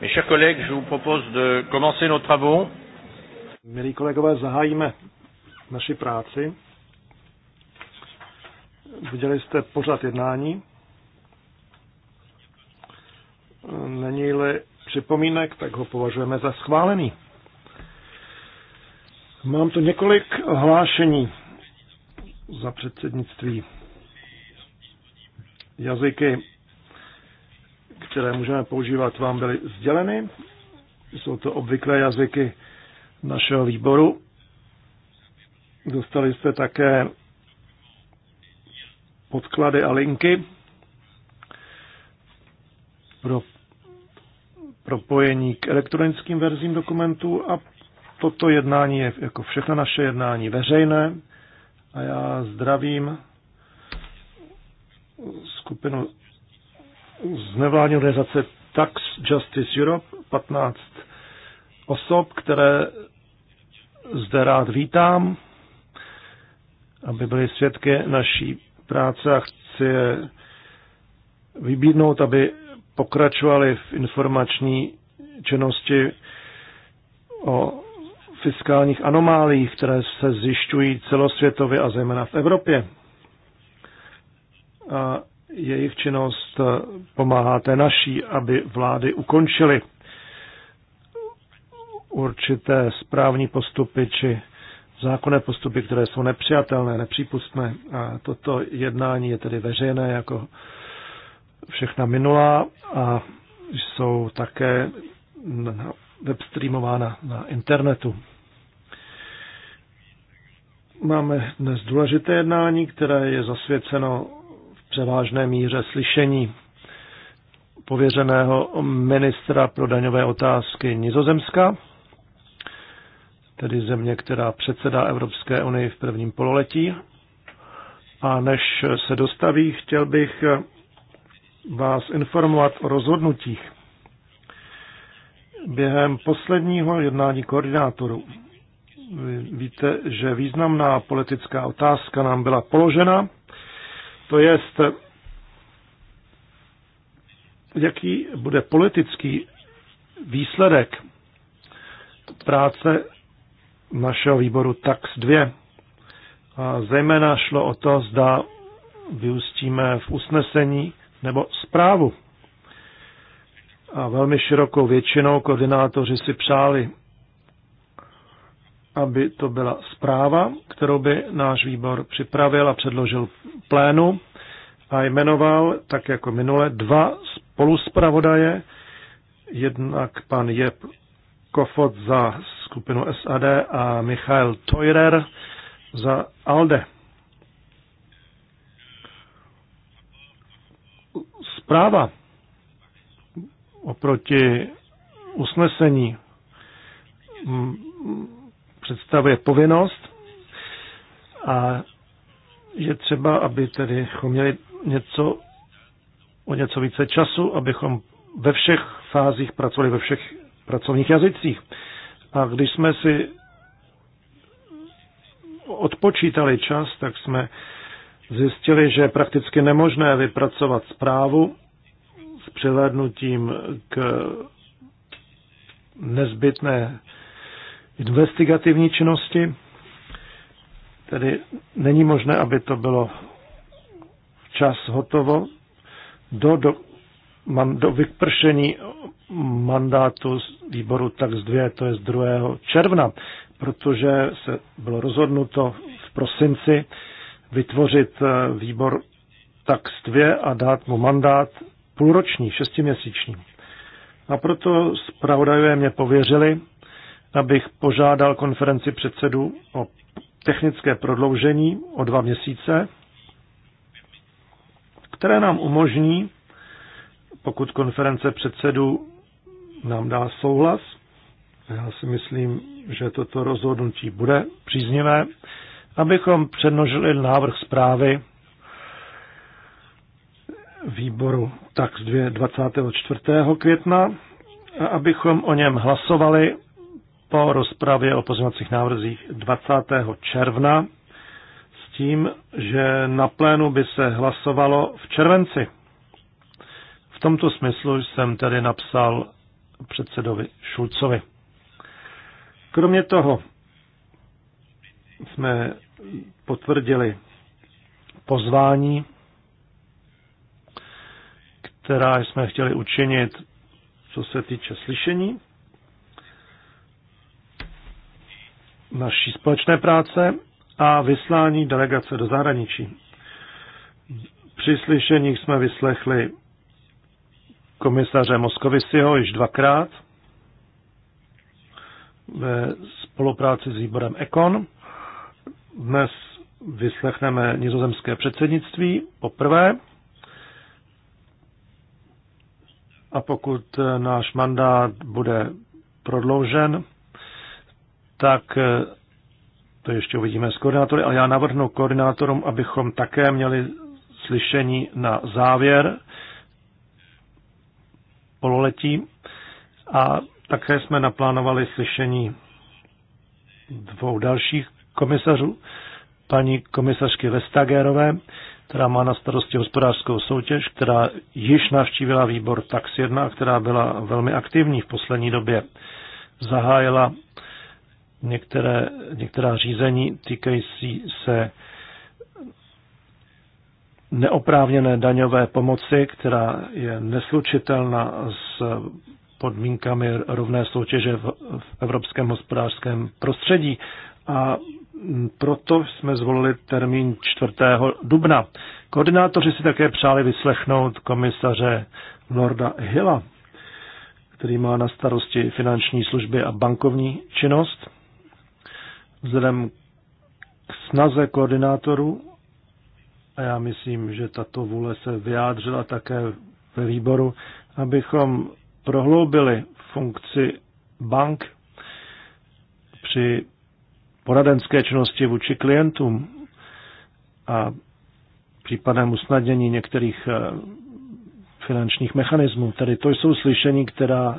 Mes chers collègues, je vous propose de commencer nos travaux. Milí kolegové, zahájíme naši práci. Viděli jste pořád jednání. Není-li připomínek, tak ho považujeme za schválený. Mám tu několik hlášení za předsednictví. Jazyky které můžeme používat, vám byly sděleny. Jsou to obvyklé jazyky našeho výboru. Dostali jste také podklady a linky pro propojení k elektronickým verzím dokumentů a toto jednání je jako všechno naše jednání veřejné a já zdravím skupinu z nevládní organizace Tax Justice Europe 15 osob, které zde rád vítám, aby byli svědky naší práce a chci je vybídnout, aby pokračovali v informační činnosti o fiskálních anomálích, které se zjišťují celosvětově a zejména v Evropě. A jejich činnost, eh, pomáháte naší, aby vlády ukončily určité správní postupy či zákonné postupy, které jsou nepřijatelné, nepřípustné. A toto jednání je tedy veřejné jako všechna minulá a jsou také webstreamována na internetu. Máme dnes důležité jednání, které je zasvěceno převážné míře slyšení pověřeného ministra pro daňové otázky Nizozemska, tedy země, která předsedá Evropské unii v prvním pololetí. A než se dostaví, chtěl bych vás informovat o rozhodnutích během posledního jednání koordinátorů. Víte, že významná politická otázka nám byla položena to jest, jaký bude politický výsledek práce našeho výboru TAX 2. A zejména šlo o to, zda vyústíme v usnesení nebo zprávu. A velmi širokou většinou koordinátoři si přáli aby to byla zpráva, kterou by náš výbor připravil a předložil plénu a jmenoval, tak jako minule, dva spoluspravodaje, jednak pan Jeb Kofot za skupinu SAD a Michael Teurer za ALDE. Zpráva oproti usnesení představuje povinnost a je třeba, aby tedy měli něco, o něco více času, abychom ve všech fázích pracovali ve všech pracovních jazycích. A když jsme si odpočítali čas, tak jsme zjistili, že je prakticky nemožné vypracovat zprávu s přihlédnutím k nezbytné investigativní činnosti. Tedy není možné, aby to bylo včas hotovo do, do, man, do vypršení mandátu z výboru tak z 2, to je z 2. června, protože se bylo rozhodnuto v prosinci vytvořit eh, výbor tak z 2 a dát mu mandát půlroční, šestiměsíční. A proto zpravodajové mě pověřili, abych požádal konferenci předsedu o technické prodloužení o dva měsíce, které nám umožní, pokud konference předsedu nám dá souhlas, já si myslím, že toto rozhodnutí bude příznivé, abychom přednožili návrh zprávy výboru tak 24. května a abychom o něm hlasovali po rozpravě o pozměňovacích návrzích 20. června s tím, že na plénu by se hlasovalo v červenci. V tomto smyslu jsem tedy napsal předsedovi Šulcovi. Kromě toho jsme potvrdili pozvání, která jsme chtěli učinit, co se týče slyšení naší společné práce a vyslání delegace do zahraničí. Při slyšení jsme vyslechli komisaře Moskovisiho již dvakrát ve spolupráci s výborem Ekon. Dnes vyslechneme nizozemské předsednictví poprvé. A pokud náš mandát bude prodloužen, tak eh, to ještě uvidíme s koordinátory, ale já navrhnu koordinátorům, abychom také měli slyšení na závěr pololetí a také jsme naplánovali slyšení dvou dalších komisařů, paní komisařky Vestagerové, která má na starosti hospodářskou soutěž, která již navštívila výbor TAX 1 a která byla velmi aktivní v poslední době. Zahájila některé, některá řízení týkající se neoprávněné daňové pomoci, která je neslučitelná s podmínkami rovné soutěže v, v evropském hospodářském prostředí. A proto jsme zvolili termín 4. dubna. Koordinátoři si také přáli vyslechnout komisaře Lorda Hilla, který má na starosti finanční služby a bankovní činnost vzhledem k snaze koordinátorů, a já myslím, že tato vůle se vyjádřila také ve výboru, abychom prohloubili funkci bank při poradenské činnosti vůči klientům a případném usnadnění některých eh, finančních mechanismů. Tedy to jsou slyšení, která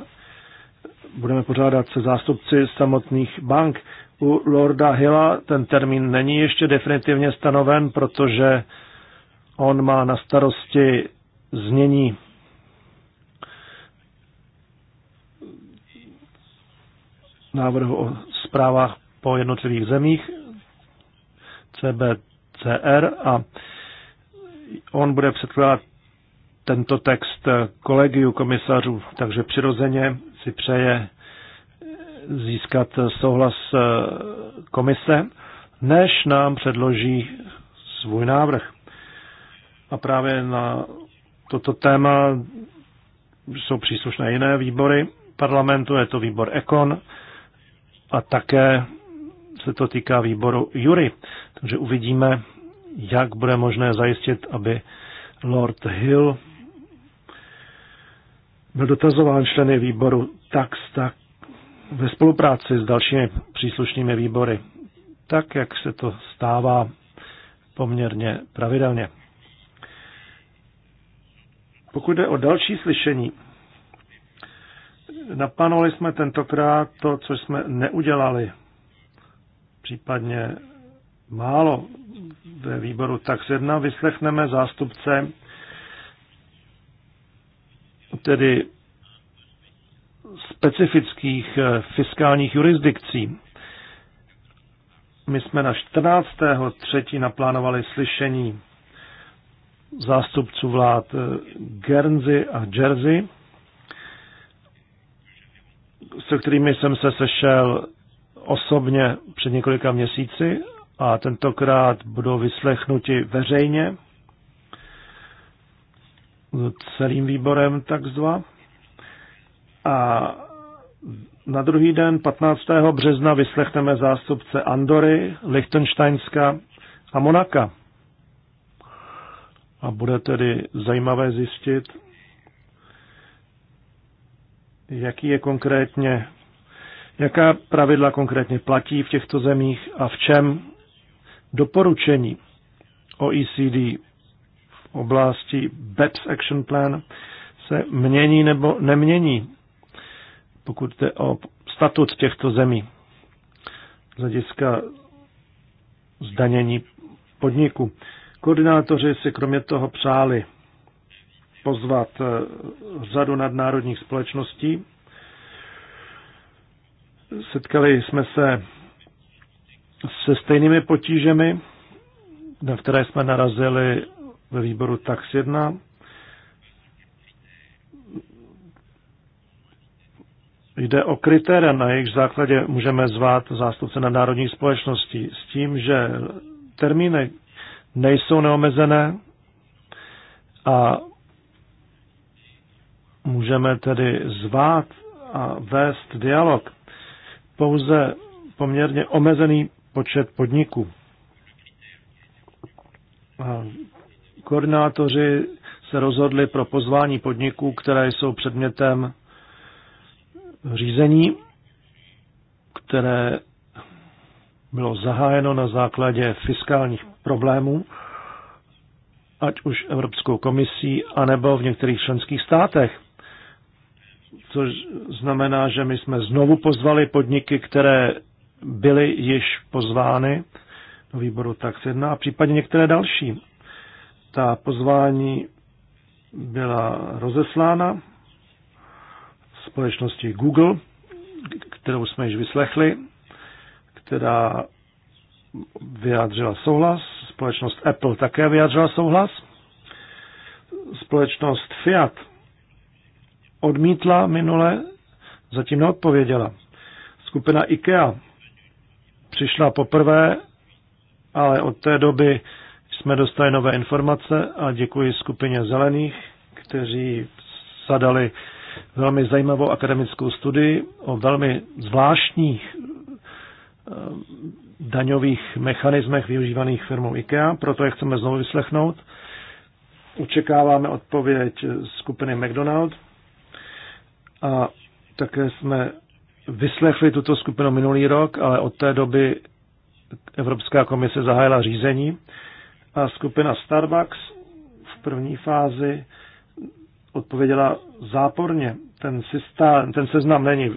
budeme pořádat se zástupci samotných bank u Lorda Hilla ten termín není ještě definitivně stanoven, protože on má na starosti znění návrhu o zprávách po jednotlivých zemích CBCR a on bude předkládat tento text kolegiu komisařů, takže přirozeně si přeje získat souhlas eh, komise, než nám předloží svůj návrh. A právě na toto téma jsou příslušné jiné výbory parlamentu, je to výbor Ekon a také se to týká výboru Jury. Takže uvidíme, jak bude možné zajistit, aby Lord Hill byl dotazován členy výboru tak, tak, ve spolupráci s dalšími příslušnými výbory, tak jak se to stává poměrně pravidelně. Pokud jde o další slyšení, naplánovali jsme tentokrát to, co jsme neudělali, případně málo ve výboru tak jedna vyslechneme zástupce, tedy specifických eh, fiskálních jurisdikcí. My jsme na 14. třetí naplánovali slyšení zástupců vlád eh, Guernsey a Jersey, se kterými jsem se sešel osobně před několika měsíci a tentokrát budou vyslechnuti veřejně eh, celým výborem tak zva. A na druhý den 15. března vyslechneme zástupce Andory, Lichtensteinska a Monaka. A bude tedy zajímavé zjistit, jaký je konkrétně, jaká pravidla konkrétně platí v těchto zemích a v čem doporučení OECD v oblasti BEPS Action Plan se mění nebo nemění pokud jde o statut těchto zemí z hlediska zdanění podniku. Koordinátoři si kromě toho přáli pozvat eh, řadu nadnárodních společností. Setkali jsme se se stejnými potížemi, na které jsme narazili ve výboru TAX 1 Jde o kritéria, na jejich základě můžeme zvát zástupce na národní společností s tím, že termíny nejsou neomezené a můžeme tedy zvát a vést dialog pouze poměrně omezený počet podniků. A koordinátoři se rozhodli pro pozvání podniků, které jsou předmětem řízení, které bylo zahájeno na základě fiskálních problémů, ať už Evropskou komisí, anebo v některých členských státech. Což znamená, že my jsme znovu pozvali podniky, které byly již pozvány do výboru TAX 1 a případně některé další. Ta pozvání byla rozeslána společnosti Google, kterou jsme již vyslechli, která vyjádřila souhlas, společnost Apple také vyjádřila souhlas, společnost Fiat odmítla minule, zatím neodpověděla. Skupina IKEA přišla poprvé, ale od té doby jsme dostali nové informace a děkuji skupině zelených, kteří zadali velmi zajímavou akademickou studii o velmi zvláštních eh, daňových mechanismech využívaných firmou IKEA, proto je chceme znovu vyslechnout. Očekáváme odpověď skupiny McDonald a také jsme vyslechli tuto skupinu minulý rok, ale od té doby Evropská komise zahájila řízení a skupina Starbucks v první fázi odpověděla záporně. Ten, systém, ten seznam není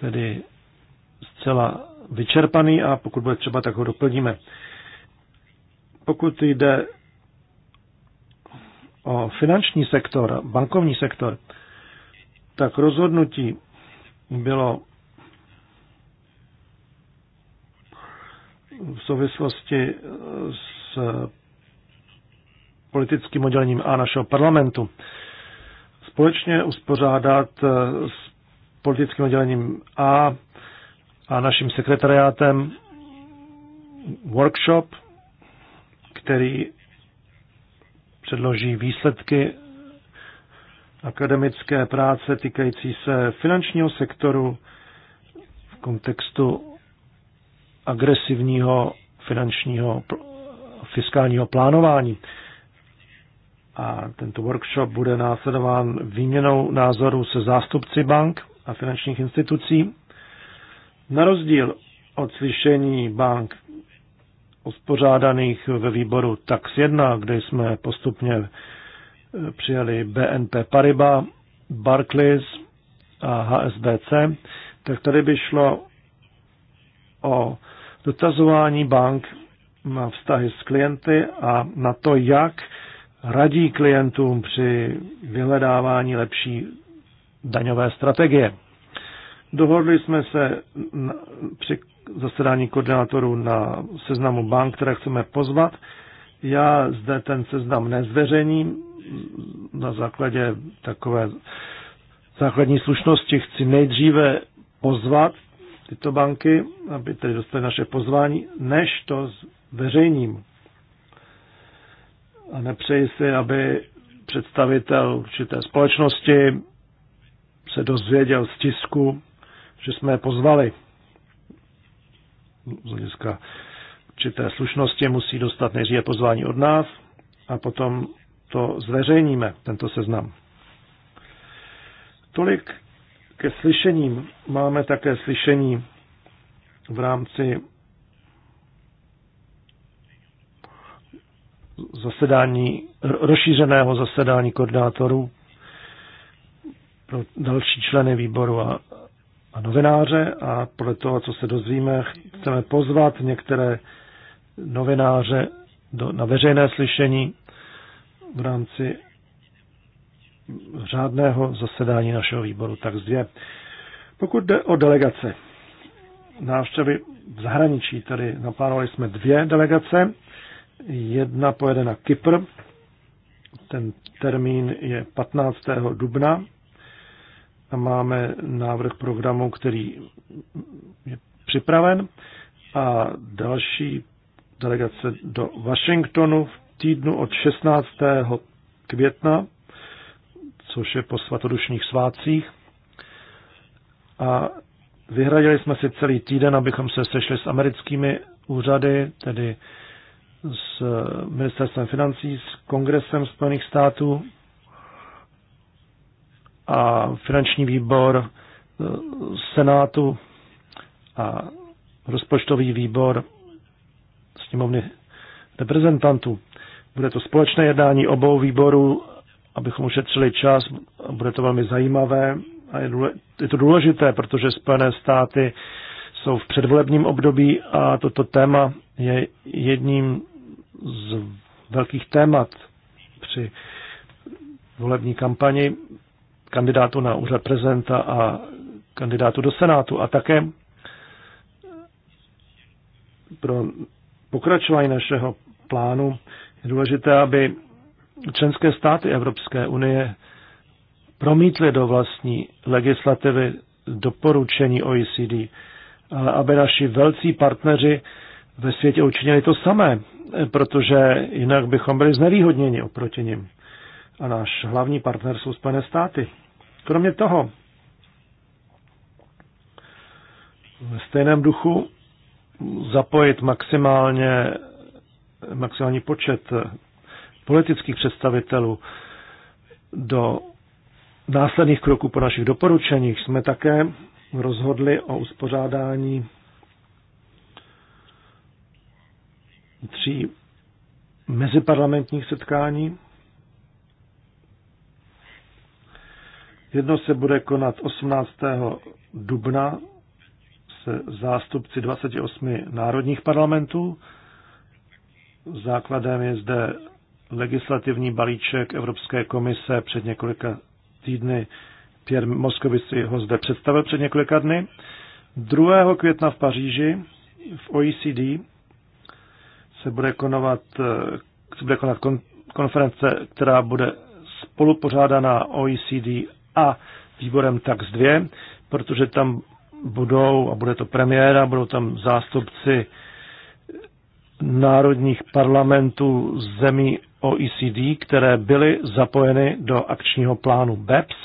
tedy zcela vyčerpaný a pokud bude třeba, tak ho doplníme. Pokud jde o finanční sektor, bankovní sektor, tak rozhodnutí bylo v souvislosti s politickým oddělením A našeho parlamentu společně uspořádat eh, s politickým oddělením A a naším sekretariátem workshop, který předloží výsledky akademické práce týkající se finančního sektoru v kontextu agresivního finančního fiskálního plánování a tento workshop bude následován výměnou názorů se zástupci bank a finančních institucí. Na rozdíl od slyšení bank uspořádaných ve výboru TAX 1, kde jsme postupně eh, přijali BNP Paribas, Barclays a HSBC, tak tady by šlo o dotazování bank na vztahy s klienty a na to, jak radí klientům při vyhledávání lepší daňové strategie. Dohodli jsme se na, při zasedání koordinátorů na seznamu bank, které chceme pozvat. Já zde ten seznam nezveřejním na základě takové základní slušnosti. Chci nejdříve pozvat tyto banky, aby tedy dostali naše pozvání, než to zveřejním. A nepřeji si, aby představitel určité společnosti se dozvěděl z tisku, že jsme je pozvali. Z hlediska určité slušnosti musí dostat nejdříve pozvání od nás a potom to zveřejníme, tento seznam. Tolik ke slyšením. Máme také slyšení v rámci zasedání, rozšířeného zasedání koordinátorů pro další členy výboru a, a novináře a podle toho, co se dozvíme, chceme pozvat některé novináře do, na veřejné slyšení v rámci řádného zasedání našeho výboru tak dvě. Pokud jde o delegace, návštěvy v zahraničí, tady naplánovali jsme dvě delegace Jedna pojede na Kypr. Ten termín je 15. dubna a máme návrh programu, který je připraven a další delegace do Washingtonu v týdnu od 16. května, což je po svatodušních svácích. A vyhradili jsme si celý týden, abychom se sešli s americkými úřady, tedy s ministerstvem financí, s kongresem Spojených států a finanční výbor e, senátu a rozpočtový výbor sněmovny reprezentantů. Bude to společné jednání obou výborů, abychom ušetřili čas. Bude to velmi zajímavé a je, je to důležité, protože Spojené státy jsou v předvolebním období a toto téma je jedním z velkých témat při volební kampani kandidátu na úřad prezidenta a kandidátu do Senátu a také pro pokračování našeho plánu je důležité, aby členské státy Evropské unie promítly do vlastní legislativy doporučení OECD, ale aby naši velcí partneři ve světě učinili to samé protože jinak bychom byli znevýhodněni oproti nim. A náš hlavní partner jsou Spojené státy. Kromě toho, ve stejném duchu zapojit maximálně, maximální počet politických představitelů do následných kroků po našich doporučeních jsme také rozhodli o uspořádání tří meziparlamentních setkání. Jedno se bude konat 18. dubna se zástupci 28 národních parlamentů. Základem je zde legislativní balíček Evropské komise před několika týdny. Pierre Moskovici ho zde představil před několika dny. 2. května v Paříži v OECD se bude, konovat, eh, se bude konat kon, konference, která bude spolupořádaná OECD a výborem TAX 2, protože tam budou, a bude to premiéra, budou tam zástupci národních parlamentů zemí OECD, které byly zapojeny do akčního plánu BEPS.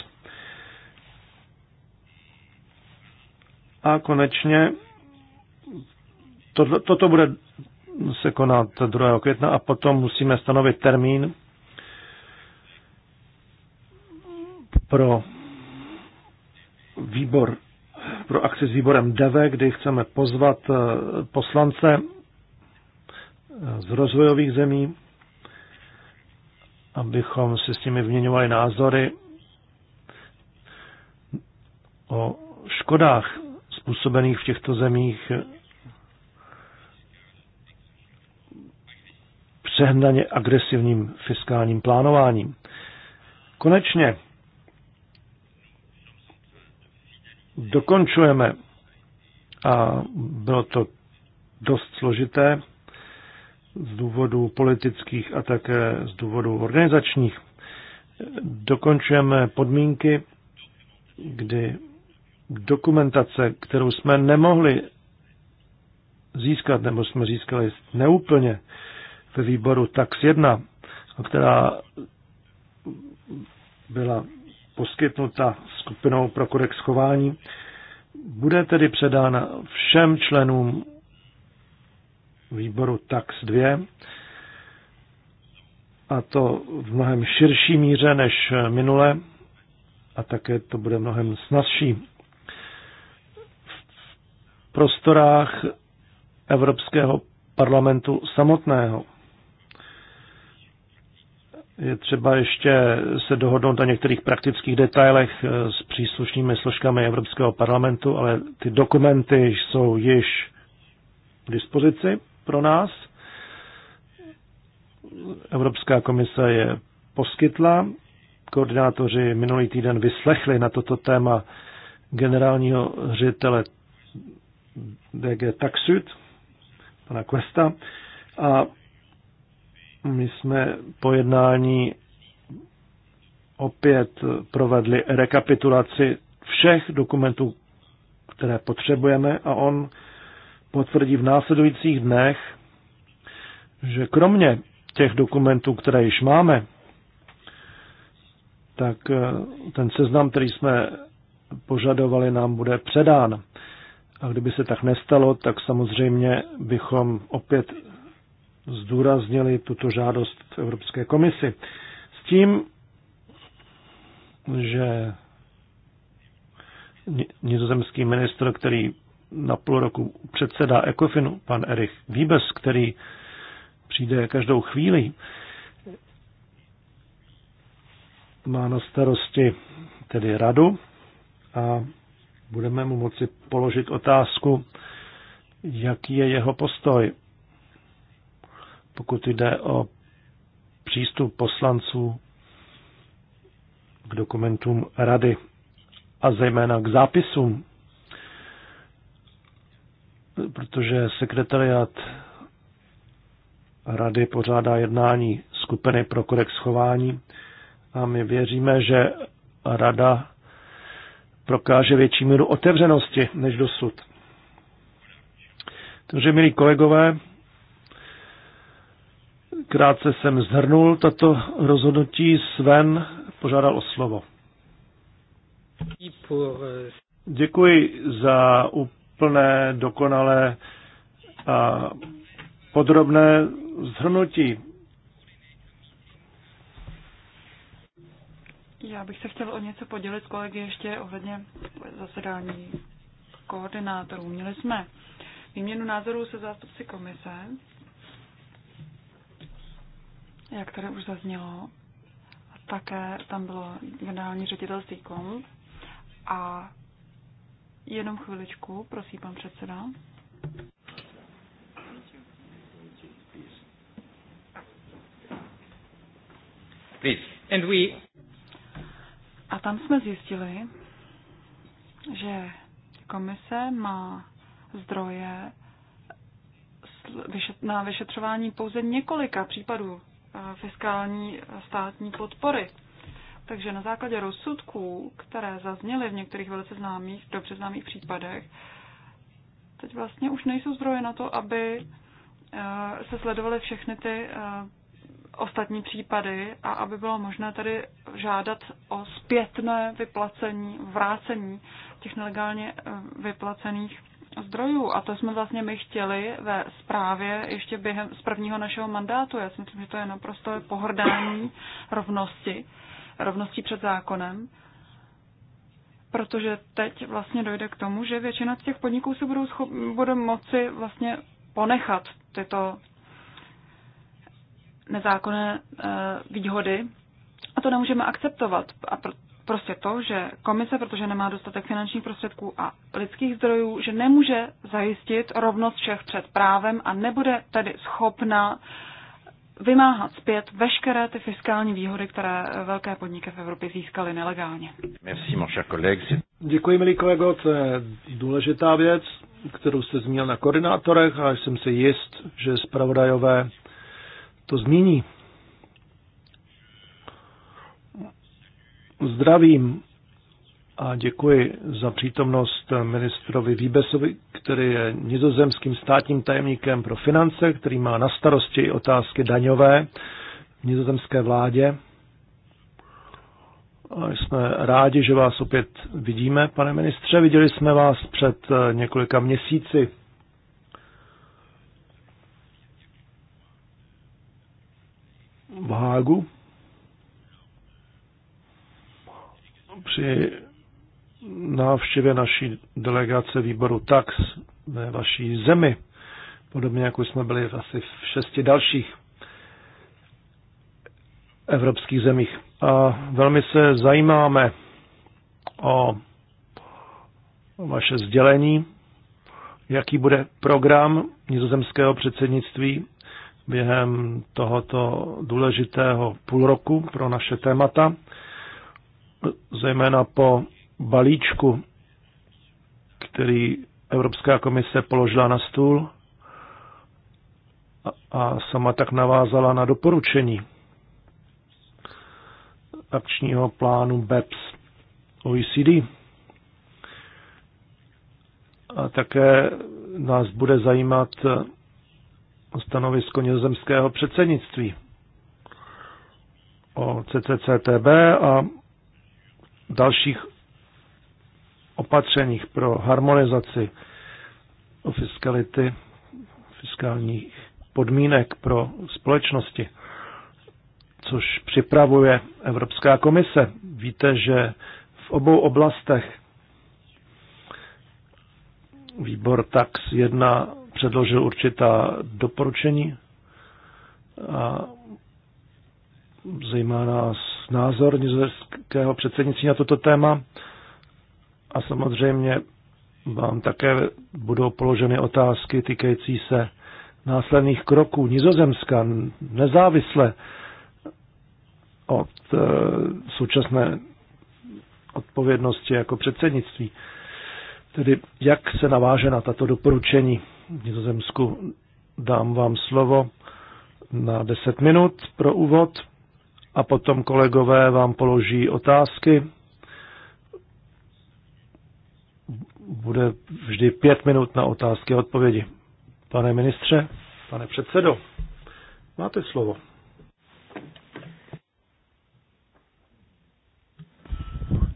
A konečně toto bude se konat 2. května a potom musíme stanovit termín pro výbor, pro akci s výborem DEVE, kdy chceme pozvat eh, poslance eh, z rozvojových zemí, abychom si s nimi vyměňovali názory o škodách způsobených v těchto zemích přehnaně agresivním fiskálním plánováním. Konečně dokončujeme, a bylo to dost složité z důvodu politických a také z důvodu organizačních, dokončujeme podmínky, kdy dokumentace, kterou jsme nemohli získat, nebo jsme získali neúplně, ve výboru TAX 1, která byla poskytnuta skupinou pro kodex chování, bude tedy předána všem členům výboru TAX 2, a to v mnohem širší míře než minule, a také to bude mnohem snazší. V prostorách Evropského parlamentu samotného je třeba ještě se dohodnout na některých praktických detailech eh, s příslušnými složkami Evropského parlamentu, ale ty dokumenty jsou již k dispozici pro nás. Evropská komise je poskytla. Koordinátoři minulý týden vyslechli na toto téma generálního ředitele DG Taxud, pana Questa, a my jsme po jednání opět provedli rekapitulaci všech dokumentů, které potřebujeme a on potvrdí v následujících dnech, že kromě těch dokumentů, které již máme, tak eh, ten seznam, který jsme požadovali, nám bude předán. A kdyby se tak nestalo, tak samozřejmě bychom opět zdůraznili tuto žádost Evropské komisi. S tím, že nizozemský ministr, který na půl roku předsedá Ecofinu, pan Erich Wiebes, který přijde každou chvíli, má na starosti tedy radu a budeme mu moci položit otázku, jaký je jeho postoj pokud jde o přístup poslanců k dokumentům rady a zejména k zápisům, protože sekretariat rady pořádá jednání skupiny pro kodex chování a my věříme, že rada prokáže větší míru otevřenosti než dosud. Takže, milí kolegové, Krátce jsem zhrnul tato rozhodnutí. Sven požádal o slovo. Děkuji za úplné, dokonalé a podrobné zhrnutí. Já bych se chtěl o něco podělit s kolegy ještě ohledně zasedání koordinátorů. Měli jsme výměnu názorů se zástupci komise jak tady už zaznělo, také tam bylo generální ředitelství KOM a jenom chviličku, prosím, pan předseda. Please. And we... A tam jsme zjistili, že komise má zdroje na vyšetřování pouze několika případů fiskální státní podpory. Takže na základě rozsudků, které zazněly v některých velice známých, dobře známých případech, teď vlastně už nejsou zdroje na to, aby eh, se sledovaly všechny ty eh, ostatní případy a aby bylo možné tady žádat o zpětné vyplacení, vrácení těch nelegálně eh, vyplacených zdrojů. A to jsme vlastně my chtěli ve zprávě ještě během z prvního našeho mandátu. Já si myslím, že to je naprosto pohrdání rovnosti, rovnosti před zákonem. Protože teď vlastně dojde k tomu, že většina z těch podniků se budou, schop- bude moci vlastně ponechat tyto nezákonné e, výhody. A to nemůžeme akceptovat. A prostě to, že komise, protože nemá dostatek finančních prostředků a lidských zdrojů, že nemůže zajistit rovnost všech před právem a nebude tedy schopna vymáhat zpět veškeré ty fiskální výhody, které velké podniky v Evropě získaly nelegálně. Děkuji, milí kolego, to je důležitá věc, kterou jste zmínil na koordinátorech a jsem si jist, že zpravodajové to změní. zdravím a děkuji za přítomnost ministrovi Výbesovi, který je nizozemským státním tajemníkem pro finance, který má na starosti i otázky daňové v nizozemské vládě. A jsme rádi, že vás opět vidíme, pane ministře. Viděli jsme vás před eh, několika měsíci. V Hágu při návštěvě naší delegace výboru TAX ve vaší zemi, podobně jako jsme byli asi v šesti dalších evropských zemích. A velmi se zajímáme o vaše sdělení, jaký bude program nizozemského předsednictví během tohoto důležitého půl roku pro naše témata zejména po balíčku, který Evropská komise položila na stůl a sama tak navázala na doporučení akčního plánu BEPS OECD. A také nás bude zajímat stanovisko nizozemského předsednictví o CCCTB a dalších opatřeních pro harmonizaci fiskality, fiskálních podmínek pro společnosti, což připravuje Evropská komise. Víte, že v obou oblastech výbor TAX 1 předložil určitá doporučení a zejména nás názor nizozemského předsednictví na toto téma a samozřejmě vám také budou položeny otázky týkající se následných kroků Nizozemska nezávisle od e, současné odpovědnosti jako předsednictví. Tedy jak se naváže na tato doporučení v Nizozemsku? Dám vám slovo na 10 minut pro úvod a potom kolegové vám položí otázky. Bude vždy pět minut na otázky a odpovědi. Pane ministře, pane předsedo, máte slovo.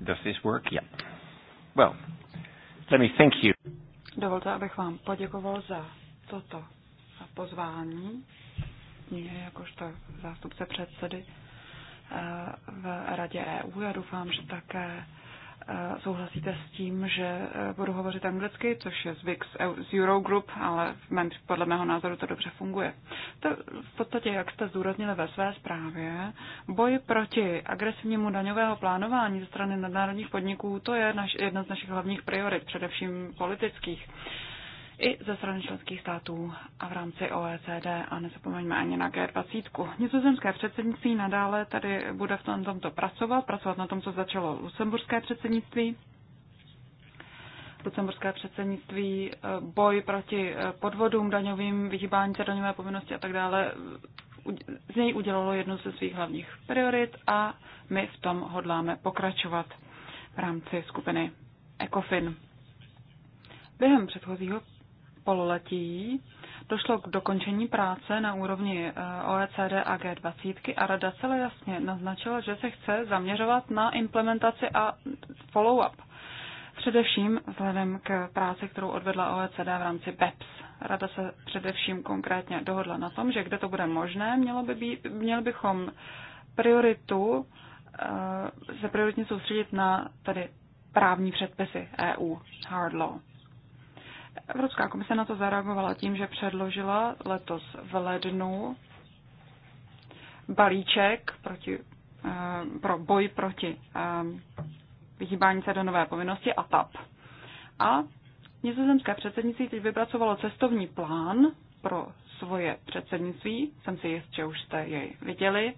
Does this work? Yeah. Well, let me thank you. Dovolte, abych vám poděkoval za toto pozvání. Mě jakožto zástupce předsedy v Radě EU. Já doufám, že také eh, souhlasíte s tím, že eh, budu hovořit anglicky, což je zvyk z Eurogroup, ale podle mého názoru to dobře funguje. To v podstatě, jak jste zúraznili ve své zprávě, boj proti agresivnímu daňového plánování ze strany nadnárodních podniků, to je naš, jedna z našich hlavních priorit, především politických i ze strany členských států a v rámci OECD a nezapomeňme ani na G20. Nizozemské předsednictví nadále tady bude v tom, tomto pracovat, pracovat na tom, co začalo lucemburské předsednictví. Lucemburské předsednictví, eh, boj proti eh, podvodům, daňovým, vyhýbání se daňové povinnosti a tak dále, z něj udělalo jednu ze svých hlavních priorit a my v tom hodláme pokračovat v rámci skupiny ECOFIN. Během předchozího pololetí došlo k dokončení práce na úrovni eh, OECD a G20 a Rada celé jasně naznačila, že se chce zaměřovat na implementaci a follow-up. Především vzhledem k práci, kterou odvedla OECD v rámci BEPS. Rada se především konkrétně dohodla na tom, že kde to bude možné, mělo by být, měli bychom prioritu eh, se prioritně soustředit na tady právní předpisy EU, hard law. Evropská komise na to zareagovala tím, že předložila letos v lednu balíček proti, eh, pro boj proti eh, vyhýbání se do nové povinnosti a TAP. A nizozemské předsednictví teď vypracovalo cestovní plán pro svoje předsednictví, jsem si jist, že už jste jej viděli,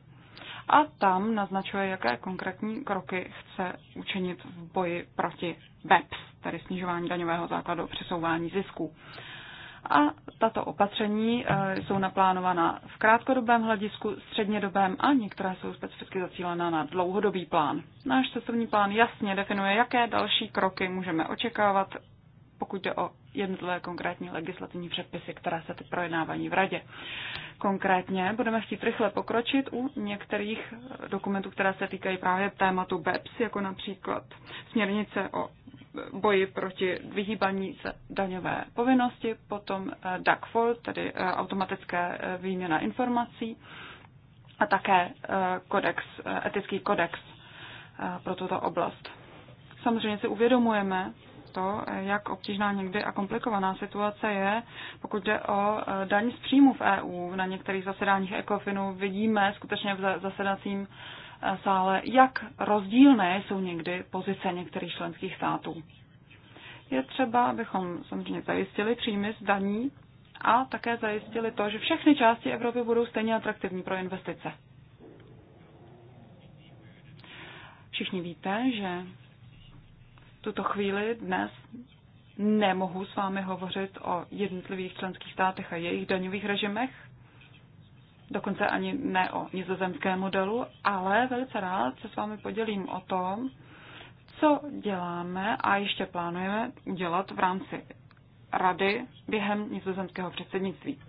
a tam naznačuje, jaké konkrétní kroky chce učinit v boji proti BEPS tedy snižování daňového základu, přesouvání zisků. A tato opatření eh, jsou naplánovaná v krátkodobém hledisku, střednědobém a některá jsou specificky zacílená na dlouhodobý plán. Náš cestovní plán jasně definuje, jaké další kroky můžeme očekávat, pokud jde o jednotlivé konkrétní legislativní předpisy, které se teď projednávají v Radě. Konkrétně budeme chtít rychle pokročit u některých dokumentů, které se týkají právě tématu BEPS, jako například směrnice o boji proti vyhýbaní se daňové povinnosti, potom eh, DACFOL, tedy eh, automatické eh, výměna informací a také kodex, etický kodex pro tuto oblast. Samozřejmě si uvědomujeme to, jak obtížná někdy a komplikovaná situace je, pokud jde o daň z příjmu v EU. Na některých zasedáních ECOFINu vidíme skutečně v zasedacím sále, jak rozdílné jsou někdy pozice některých členských států. Je třeba, abychom samozřejmě zajistili příjmy z daní a také zajistili to, že všechny části Evropy budou stejně atraktivní pro investice. Všichni víte, že v tuto chvíli dnes nemohu s vámi hovořit o jednotlivých členských státech a jejich daňových režimech, dokonce ani ne o nizozemském modelu, ale velice rád se s vámi podělím o tom, co děláme a ještě plánujeme udělat v rámci rady během nizozemského předsednictví.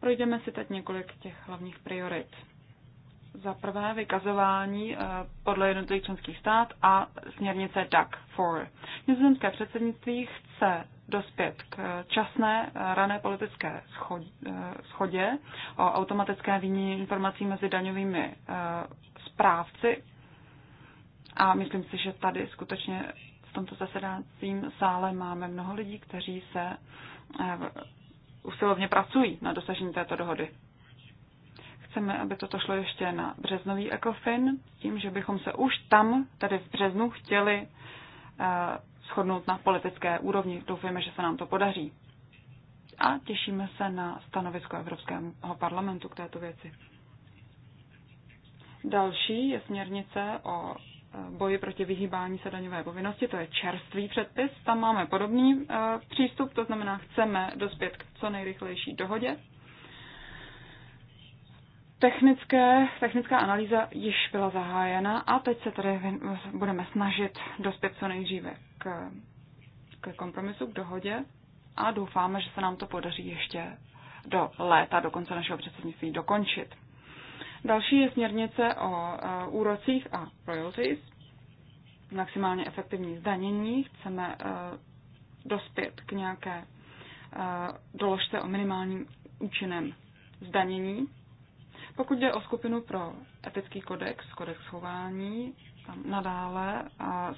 Projdeme si teď několik těch hlavních priorit. Za prvé vykazování eh, podle jednotlivých členských stát a směrnice DAC 4. Nizozemské předsednictví chce dospět k časné eh, rané politické eh, schodě o automatické výměně informací mezi daňovými eh, správci. A myslím si, že tady skutečně v tomto zasedacím sále máme mnoho lidí, kteří se usilovně pracují na dosažení této dohody. Chceme, aby toto šlo ještě na březnový ECOFIN, tím, že bychom se už tam, tady v březnu, chtěli shodnout na politické úrovni. Doufujeme, že se nám to podaří. A těšíme se na stanovisko Evropského parlamentu k této věci. Další je směrnice o eh, boji proti vyhýbání se daňové povinnosti, to je čerstvý předpis. Tam máme podobný eh, přístup, to znamená, chceme dospět k co nejrychlejší dohodě technické, technická analýza již byla zahájena a teď se tady budeme snažit dospět co nejdříve k, k kompromisu, k dohodě a doufáme, že se nám to podaří ještě do léta, do konce našeho předsednictví dokončit. Další je směrnice o e, úrocích a royalties, maximálně efektivní zdanění. Chceme e, dospět k nějaké e, doložce o minimálním účinném zdanění pokud jde o skupinu pro etický kodex, kodex chování, tam nadále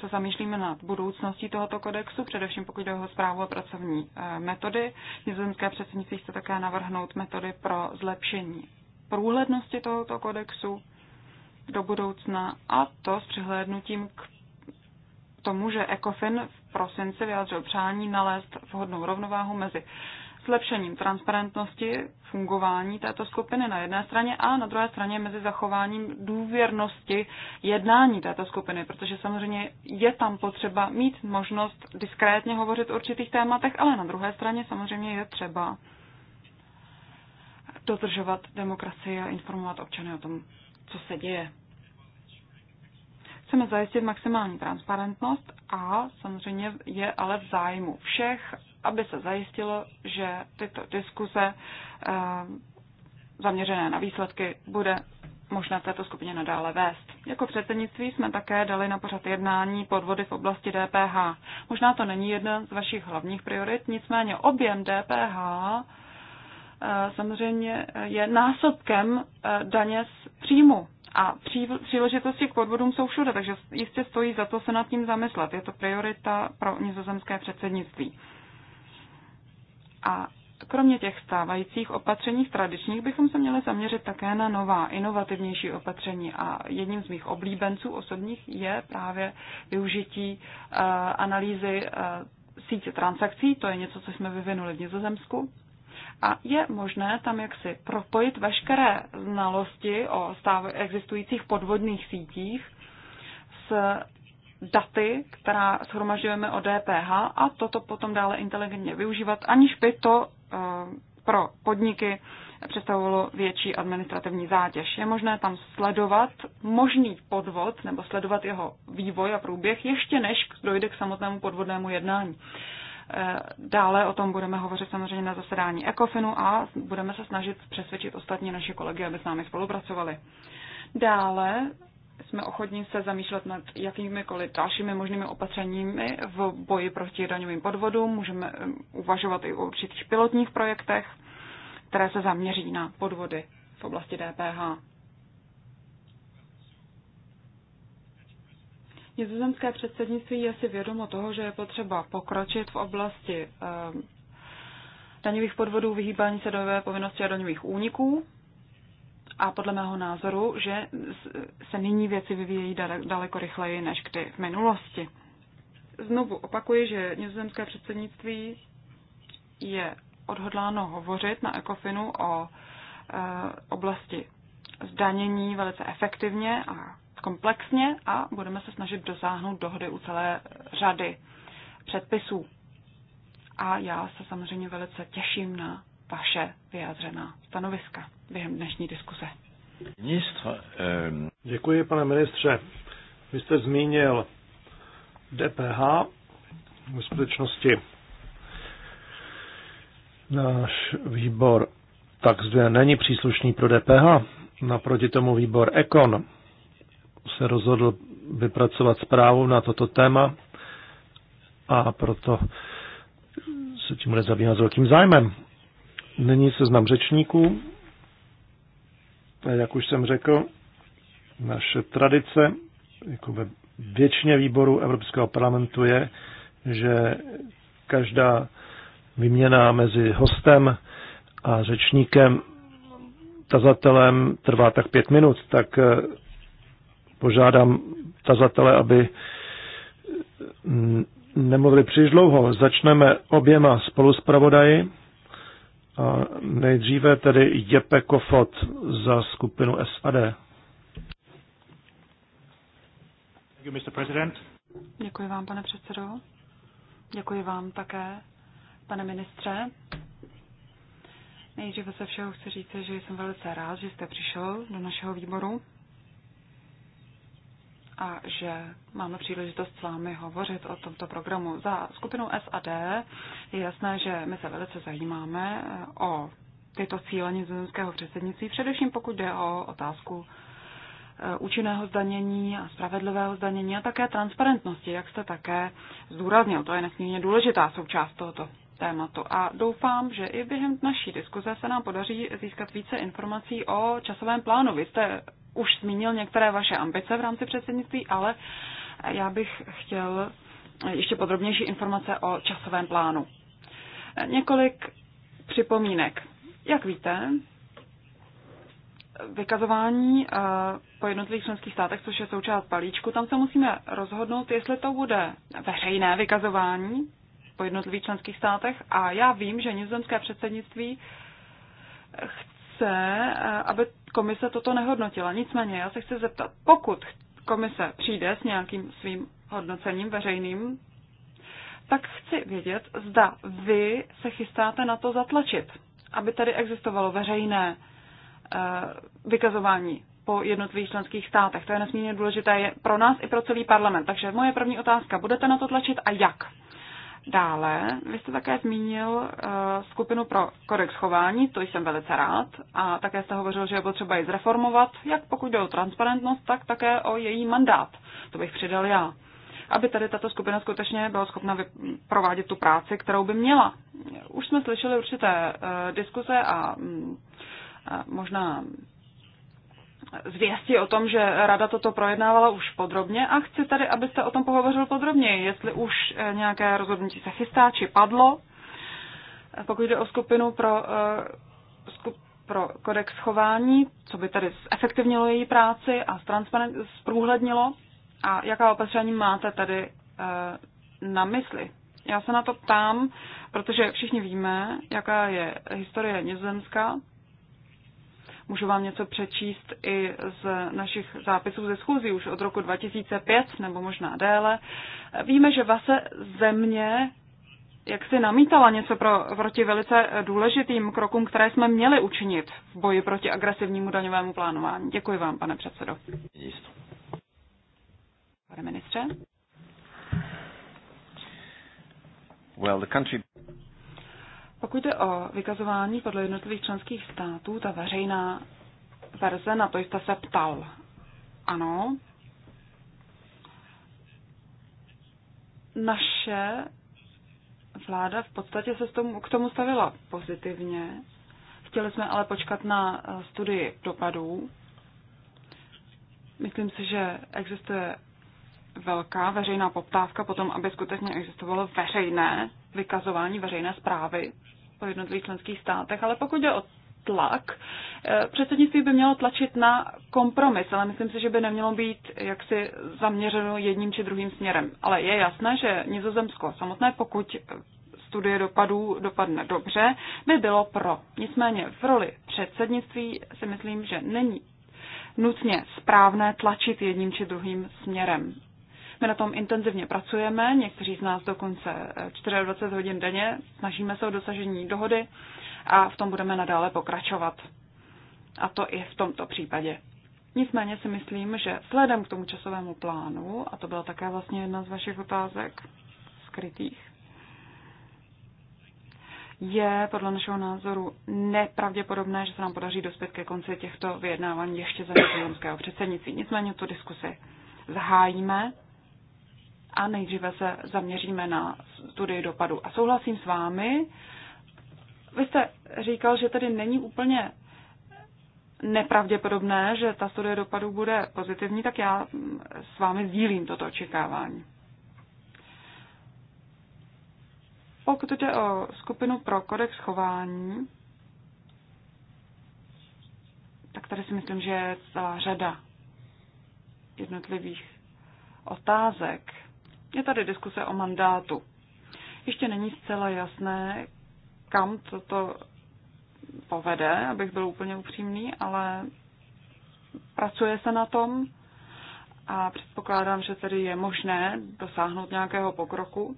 se zamýšlíme nad budoucností tohoto kodexu, především pokud jde o zprávu a pracovní e, metody. Nizozemské předsednictví chce také navrhnout metody pro zlepšení průhlednosti tohoto kodexu do budoucna a to s přihlédnutím k tomu, že ECOFIN v prosinci vyjádřil přání nalézt vhodnou rovnováhu mezi zlepšením transparentnosti fungování této skupiny na jedné straně a na druhé straně mezi zachováním důvěrnosti jednání této skupiny, protože samozřejmě je tam potřeba mít možnost diskrétně hovořit o určitých tématech, ale na druhé straně samozřejmě je třeba dodržovat demokracii a informovat občany o tom, co se děje. Chceme zajistit maximální transparentnost a samozřejmě je ale v zájmu všech aby se zajistilo, že tyto diskuze ehm, zaměřené na výsledky bude možné v této skupině nadále vést. Jako předsednictví jsme také dali na pořad jednání podvody v oblasti DPH. Možná to není jedna z vašich hlavních priorit, nicméně objem DPH eh, samozřejmě je násobkem eh, daně z příjmu. A příležitosti k podvodům jsou všude, takže jistě stojí za to se nad tím zamyslet. Je to priorita pro nizozemské předsednictví. A kromě těch stávajících opatření tradičních bychom se měli zaměřit také na nová, inovativnější opatření. A jedním z mých oblíbenců osobních je právě využití uh, analýzy uh, sítě transakcí. To je něco, co jsme vyvinuli v Nizozemsku. A je možné tam jaksi propojit veškeré znalosti o stáv- existujících podvodných sítích s daty, která shromažďujeme o DPH a toto potom dále inteligentně využívat, aniž by to eh, pro podniky představovalo větší administrativní zátěž. Je možné tam sledovat možný podvod nebo sledovat jeho vývoj a průběh ještě než dojde k samotnému podvodnému jednání. Eh, dále o tom budeme hovořit samozřejmě na zasedání ECOFINu a budeme se snažit přesvědčit ostatní naše kolegy, aby s námi spolupracovali. Dále jsme ochotní se zamýšlet nad jakýmikoliv dalšími možnými opatřeními v boji proti daňovým podvodům. Můžeme um, uvažovat i o určitých pilotních projektech, které se zaměří na podvody v oblasti DPH. Nizozemské předsednictví je si vědomo toho, že je potřeba pokročit v oblasti um, daňových podvodů, vyhýbání se dové povinnosti a daňových úniků a podle mého názoru, že se nyní věci vyvíjejí daleko rychleji než kdy v minulosti. Znovu opakuji, že nizozemské předsednictví je odhodláno hovořit na ECOFINu o e, oblasti zdanění velice efektivně a komplexně a budeme se snažit dosáhnout dohody u celé řady předpisů. A já se samozřejmě velice těším na vaše vyjádřená stanoviska během dnešní diskuse. Ministře, um... Děkuji, pane ministře. Vy jste zmínil DPH. V skutečnosti náš výbor tak zde není příslušný pro DPH. Naproti tomu výbor Ekon se rozhodl vypracovat zprávu na toto téma a proto se tím bude zabývat s velkým zájmem. Není seznam řečníků. A jak už jsem řekl, naše tradice, jako ve většině výboru Evropského parlamentu je, že každá výměna mezi hostem a řečníkem, tazatelem trvá tak pět minut, tak eh, požádám tazatele, aby mm, nemluvili příliš dlouho. Začneme oběma spoluspravodaji. A nejdříve tedy Jepe Kofot za skupinu SAD. Děkuji vám, pane předsedo. Děkuji vám také, pane ministře. Nejdříve se všeho chci říct, že jsem velice rád, že jste přišel do našeho výboru a že máme příležitost s vámi hovořit o tomto programu. Za skupinu SAD je jasné, že my se velice zajímáme eh, o tyto cíle nizozemského předsednictví, především pokud jde o otázku eh, účinného zdanění a spravedlivého zdanění a také transparentnosti, jak jste také zdůraznil. To je nesmírně důležitá součást tohoto tématu. A doufám, že i během naší diskuze se nám podaří získat více informací o časovém plánu. Vy jste už zmínil některé vaše ambice v rámci předsednictví, ale já bych chtěl ještě podrobnější informace o časovém plánu. Několik připomínek. Jak víte, vykazování eh, po jednotlivých členských státech, což je součást balíčku, tam se musíme rozhodnout, jestli to bude veřejné vykazování po jednotlivých členských státech. A já vím, že nizozemské předsednictví chce, eh, aby komise toto nehodnotila. Nicméně já se chci zeptat, pokud komise přijde s nějakým svým hodnocením veřejným, tak chci vědět, zda vy se chystáte na to zatlačit, aby tady existovalo veřejné eh, vykazování po jednotlivých členských státech. To je nesmírně důležité je pro nás i pro celý parlament. Takže moje první otázka, budete na to tlačit a jak? Dále, vy jste také zmínil uh, skupinu pro kodex chování, to jsem velice rád, a také jste hovořil, že je potřeba ji zreformovat, jak pokud jde o transparentnost, tak také o její mandát. To bych přidal já. Aby tady tato skupina skutečně byla schopna provádět tu práci, kterou by měla. Už jsme slyšeli určité uh, diskuze a um, možná zvěstí o tom, že rada toto projednávala už podrobně a chci tady, abyste o tom pohovořil podrobněji, jestli už eh, nějaké rozhodnutí se chystá či padlo. Eh, pokud jde o skupinu pro, eh, skup, pro kodex chování, co by tady zefektivnilo její práci a zprůhlednilo a jaká opatření máte tady na mysli. Já se na to ptám, protože všichni víme, jaká je historie Nizozemska Můžu vám něco přečíst i z našich zápisů ze schůzí už od roku 2005 nebo možná déle. Víme, že vaše země jak si namítala něco pro, proti velice důležitým krokům, které jsme měli učinit v boji proti agresivnímu daňovému plánování. Děkuji vám, pane předsedo. Pane ministře. Well, the country... Pokud jde o vykazování podle jednotlivých členských států, ta veřejná verze, na to jste se ptal. Ano. Naše vláda v podstatě se k tomu stavila pozitivně. Chtěli jsme ale počkat na eh, studii dopadů. Myslím si, že existuje velká veřejná poptávka potom, aby skutečně existovalo veřejné vykazování veřejné zprávy po jednotlivých členských státech, ale pokud je o tlak. Eh, předsednictví by mělo tlačit na kompromis, ale myslím si, že by nemělo být jaksi zaměřeno jedním či druhým směrem. Ale je jasné, že Nizozemsko samotné, pokud studie dopadů dopadne dobře, by bylo pro. Nicméně v roli předsednictví si myslím, že není nutně správné tlačit jedním či druhým směrem. My na tom intenzivně pracujeme, někteří z nás dokonce 24 eh, hodin denně, snažíme se o dosažení dohody a v tom budeme nadále pokračovat. A to i v tomto případě. Nicméně si myslím, že vzhledem k tomu časovému plánu, a to byla také vlastně jedna z vašich otázek skrytých, je podle našeho názoru nepravděpodobné, že se nám podaří dospět ke konci těchto vyjednávání ještě za nizozemského předsednictví. Nicméně tu diskusi zahájíme a nejdříve se zaměříme na studii dopadu. A souhlasím s vámi, vy jste říkal, že tedy není úplně nepravděpodobné, že ta studie dopadu bude pozitivní, tak já s vámi sdílím toto očekávání. Pokud jde o skupinu pro kodex chování, tak tady si myslím, že je celá řada jednotlivých otázek, je tady diskuse o mandátu. Ještě není zcela jasné, kam toto povede, abych byl úplně upřímný, ale pracuje se na tom a předpokládám, že tedy je možné dosáhnout nějakého pokroku.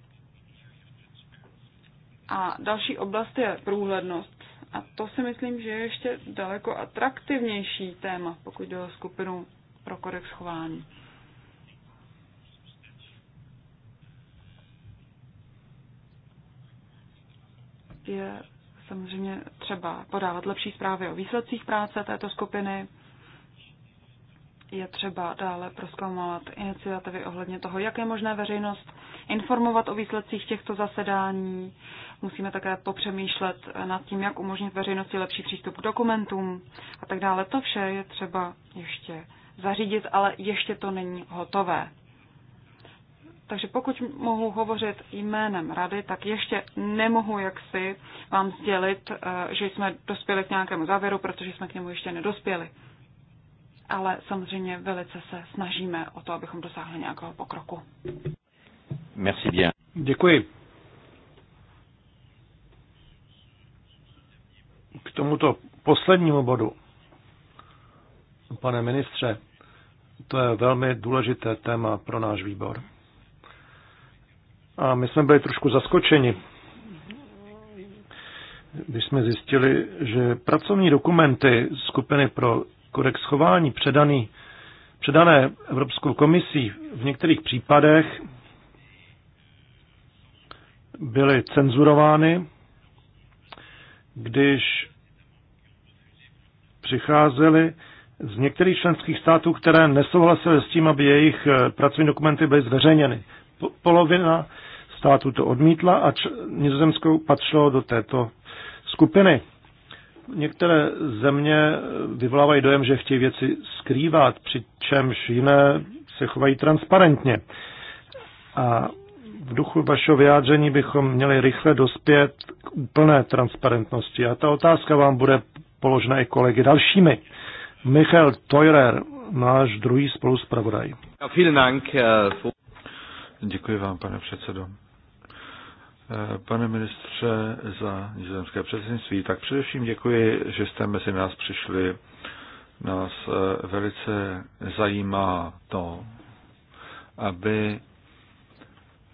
A další oblast je průhlednost. A to si myslím, že je ještě daleko atraktivnější téma, pokud jde o skupinu pro kodex chování. je samozřejmě třeba podávat lepší zprávy o výsledcích práce této skupiny. Je třeba dále proskoumovat iniciativy ohledně toho, jak je možné veřejnost informovat o výsledcích těchto zasedání. Musíme také popřemýšlet nad tím, jak umožnit veřejnosti lepší přístup k dokumentům a tak dále. To vše je třeba ještě zařídit, ale ještě to není hotové. Takže pokud mohu hovořit jménem rady, tak ještě nemohu jaksi vám sdělit, eh, že jsme dospěli k nějakému závěru, protože jsme k němu ještě nedospěli. Ale samozřejmě velice se snažíme o to, abychom dosáhli nějakého pokroku. Merci bien. Děkuji. K tomuto poslednímu bodu, pane ministře, to je velmi důležité téma pro náš výbor. A my jsme byli trošku zaskočeni, když jsme zjistili, že pracovní dokumenty skupiny pro kodex chování předaný, předané Evropskou komisí v některých případech byly cenzurovány, když přicházely z některých členských států, které nesouhlasily s tím, aby jejich eh, pracovní dokumenty byly zveřejněny. Polovina států to odmítla a Nizozemsko patřilo do této skupiny. Některé země vyvolávají dojem, že chtějí věci skrývat, přičemž jiné se chovají transparentně. A v duchu vašeho vyjádření bychom měli rychle dospět k úplné transparentnosti. A ta otázka vám bude položena i kolegy dalšími. Michal Teurer, náš druhý spoluspravodaj. Děkuji vám, pane předsedo. Eh, pane ministře, za nizozemské předsednictví. Tak především děkuji, že jste mezi nás přišli. Nás eh, velice zajímá to, aby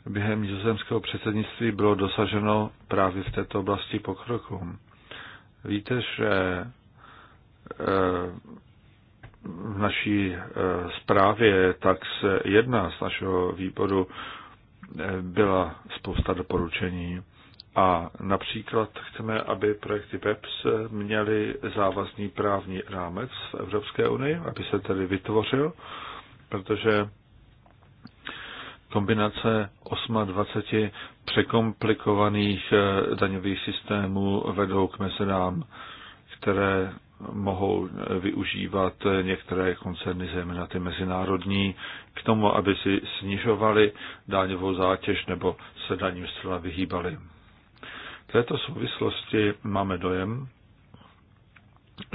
během nizozemského předsednictví bylo dosaženo právě v této oblasti pokroku. Víte, že eh, v naší zprávě tak se jedná z našeho výboru byla spousta doporučení a například chceme, aby projekty PEPS měly závazný právní rámec v Evropské unii, aby se tedy vytvořil, protože kombinace 28 překomplikovaných eh, daňových systémů vedou k mezerám, které mohou využívat některé koncerny, zejména ty mezinárodní, k tomu, aby si snižovali dáňovou zátěž nebo se daním zcela vyhýbali. V této souvislosti máme dojem,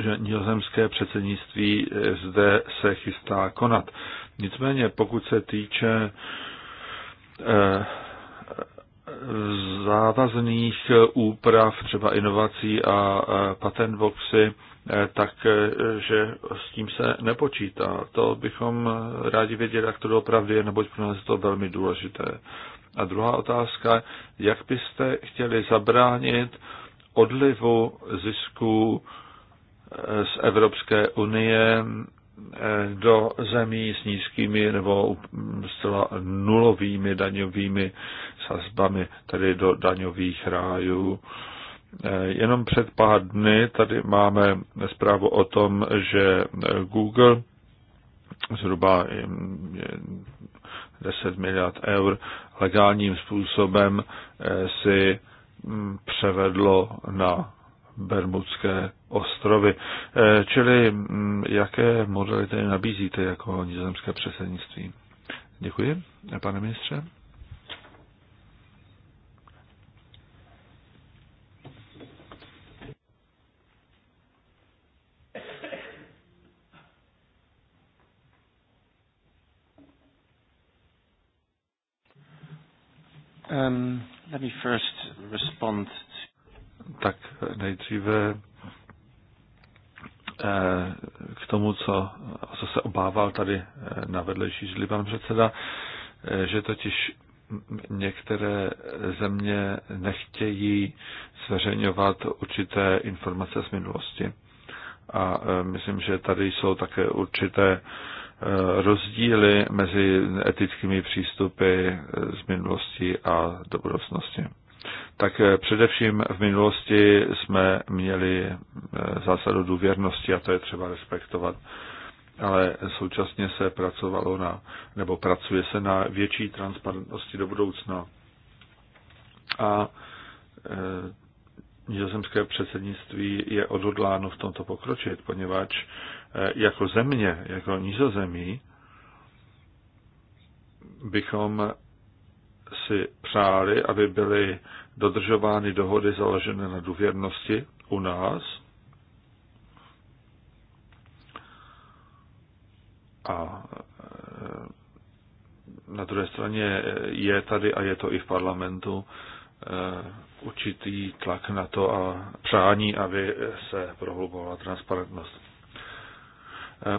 že nizozemské předsednictví zde se chystá konat. Nicméně, pokud se týče eh, závazných úprav, třeba inovací a eh, patentboxy, Eh, takže eh, s tím se nepočítá. To bychom eh, rádi věděli, jak to opravdu je, neboť pro nás je to velmi důležité. A druhá otázka, jak byste chtěli zabránit odlivu zisků z Evropské unie do zemí s nízkými nebo zcela nulovými daňovými sazbami, tedy do daňových rájů. Eh, jenom před pár dny tady máme zprávu o tom, že eh, Google zhruba 10 hm, miliard eur legálním způsobem eh, si hm, převedlo na Bermudské ostrovy. Čili hm, jaké modely tady nabízíte jako nizozemské předsednictví? Děkuji, pane ministře. Um, let me first respond. Tak nejdříve eh, k tomu, co, co se obával tady eh, na vedlejší židli pan předseda, eh, že totiž některé země nechtějí zveřejňovat určité informace z minulosti. A myslím, že tady jsou také určité rozdíly mezi etickými přístupy z minulosti a do budoucnosti. Tak eh, především v minulosti jsme měli eh, zásadu důvěrnosti a to je třeba respektovat. Ale současně se pracovalo na, nebo pracuje se na větší transparentnosti do budoucna. A eh, nizozemské předsednictví je odhodláno v tomto pokročit, poněvadž Eh, jako země, jako nízozemí, bychom si přáli, aby byly dodržovány dohody založené na důvěrnosti u nás. A eh, na druhé straně je tady, a je to i v parlamentu, eh, určitý tlak na to a přání, aby se prohlubovala transparentnost.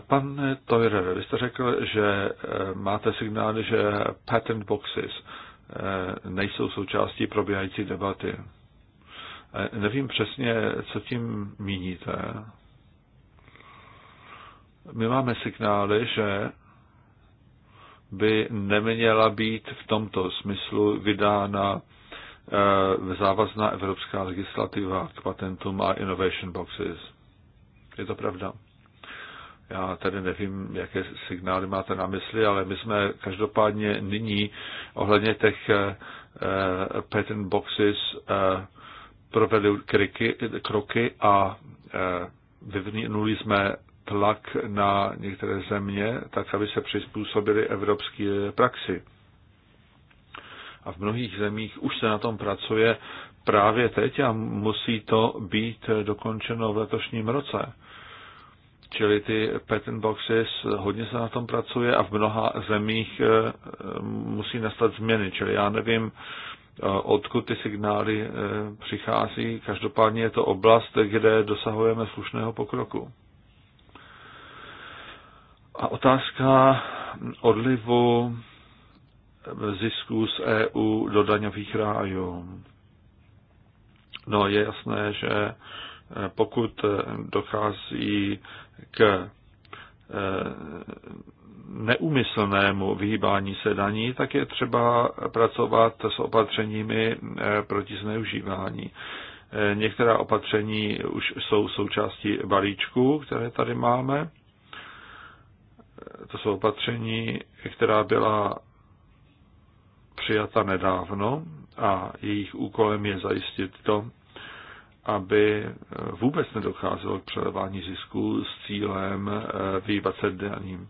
Pan Toirer, vy jste řekl, že eh, máte signály, že patent boxes eh, nejsou součástí probíhající debaty. Eh, nevím přesně, co tím míníte. My máme signály, že by neměla být v tomto smyslu vydána závazná evropská legislativa k patentům a innovation boxes. Je to pravda? Já tady nevím, jaké signály máte na mysli, ale my jsme každopádně nyní ohledně těch eh, eh, patent boxes eh, provedli kriky, kroky a vyvinuli jsme tlak na některé země, tak aby se přizpůsobili evropské praxi. A v mnohých zemích už se na tom pracuje právě teď a musí to být dokončeno v letošním roce. Čili ty patent boxes, hodně se na tom pracuje a v mnoha zemích eh, musí nastat změny. Čili já nevím, eh, odkud ty signály eh, přichází. Každopádně je to oblast, kde dosahujeme slušného pokroku. A otázka odlivu zisků z EU do daňových rájů. No je jasné, že pokud dochází k eh, neumyslnému vyhýbání se daní, tak je třeba pracovat s opatřeními eh, proti zneužívání. Eh, některá opatření už jsou součástí balíčku, které tady máme. To jsou opatření, která byla přijata nedávno a jejich úkolem je zajistit to, aby eh, vůbec nedocházelo k přelevání zisku s cílem eh, vyjíbat se daním.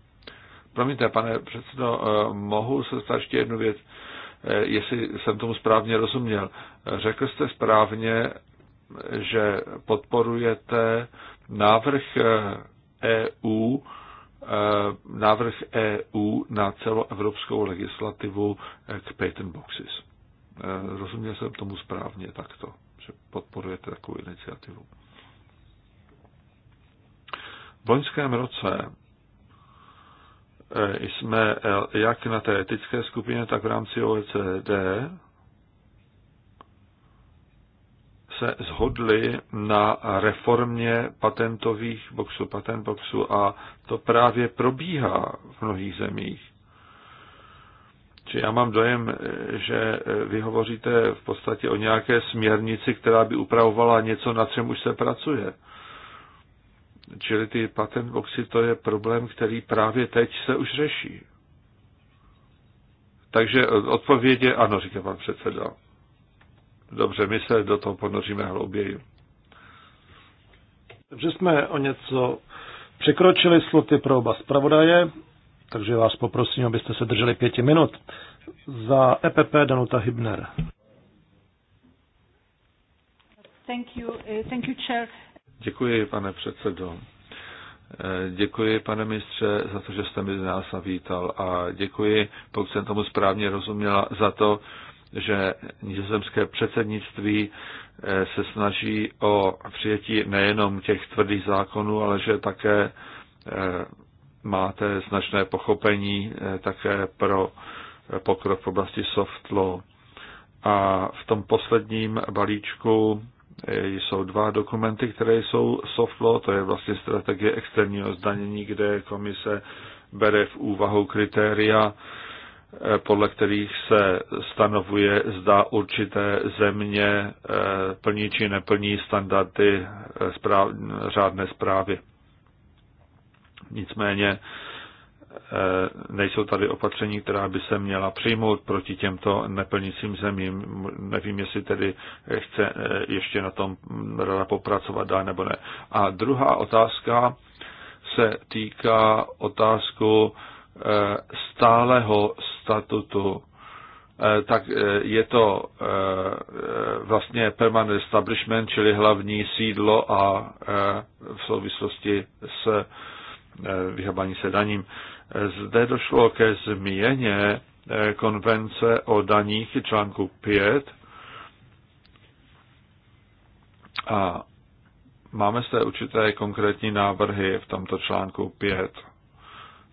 Promiňte, pane předsedo, eh, mohu se zeptat ještě jednu věc, jestli jsem tomu správně rozuměl. Řekl jste správně, že podporujete návrh EU, e návrh EU na celoevropskou legislativu k patent boxes. Rozuměl jsem tomu správně takto že podporujete takovou iniciativu. V loňském roce eh, jsme eh, jak na té etické skupině, tak v rámci OECD se zhodli na reformě patentových boxů, patent boxů a to právě probíhá v mnohých zemích. Či já mám dojem, že vy hovoříte v podstatě o nějaké směrnici, která by upravovala něco, na čem už se pracuje. Čili ty patent boxy, to je problém, který právě teď se už řeší. Takže odpověď je ano, říká pan předseda. Dobře, my se do toho ponoříme hlouběji. Takže jsme o něco překročili sloty pro oba zpravodaje takže vás poprosím, abyste se drželi pěti minut. Za EPP Danuta Hibner. Thank you, eh, thank you, chair. Děkuji, pane předsedo. Eh, děkuji, pane mistře, za to, že jste mi nás navítal a děkuji, pokud jsem tomu správně rozuměla, za to, že nizozemské předsednictví eh, se snaží o přijetí nejenom těch tvrdých zákonů, ale že také máte značné pochopení eh, také pro eh, pokrok v oblasti soft law. A v tom posledním balíčku eh, jsou dva dokumenty, které jsou soft law, to je vlastně strategie externího zdanění, kde komise bere v úvahu kritéria, podle kterých se stanovuje, zda určité země plní či neplní standardy správ, řádné zprávy. Nicméně eh, nejsou tady opatření, která by se měla přijmout proti těmto neplnícím zemím. Nevím, jestli tedy chce eh, ještě na tom rada popracovat dá nebo ne. A druhá otázka se týká otázku eh, stáleho statutu tak je to vlastně permanent establishment, čili hlavní sídlo a v souvislosti s Eh, vyhobání se daním. Zde došlo ke změně eh, konvence o daních článku 5 a máme zde určité konkrétní návrhy v tomto článku 5,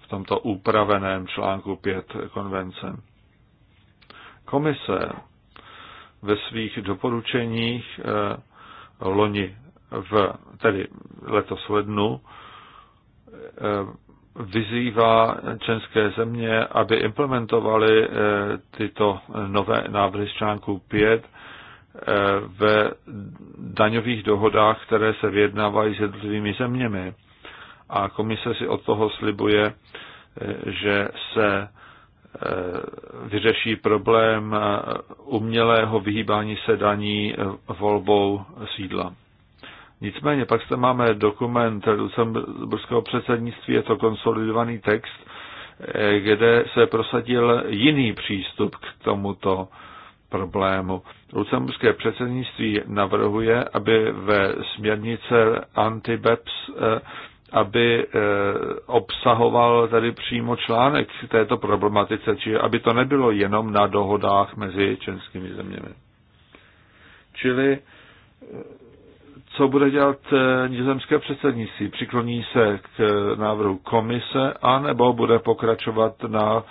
v tomto upraveném článku 5 konvence. Komise ve svých doporučeních eh, loni v, tedy letos v lednu, Eh, vyzývá členské země, aby implementovaly eh, tyto nové návrhy z článku 5 eh, ve daňových dohodách, které se vyjednávají s jednotlivými zeměmi. A komise si od toho slibuje, že se vyřeší problém umělého vyhýbání se daní volbou sídla. Nicméně pak zde máme dokument lucemburského předsednictví, je to konsolidovaný text, eh, kde se prosadil jiný přístup k tomuto problému. Lucemburské předsednictví navrhuje, aby ve směrnice anti-BEPS eh, aby eh, obsahoval tady přímo článek této problematice, čili aby to nebylo jenom na dohodách mezi členskými zeměmi. Čili co bude dělat eh, nizozemské předsednictví? Přikloní se k eh, návrhu komise, anebo bude pokračovat na,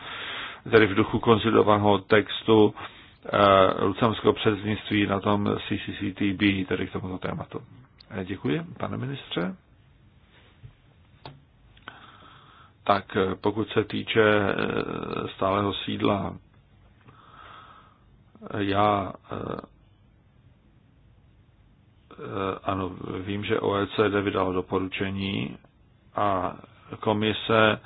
tedy v duchu konzidovaného textu eh, lucemského předsednictví na tom CCCTB, tedy k tomuto tématu. Děkuji, pane ministře. Tak pokud se týče stáleho sídla, já Eh, ano, vím, že OECD vydalo doporučení a komise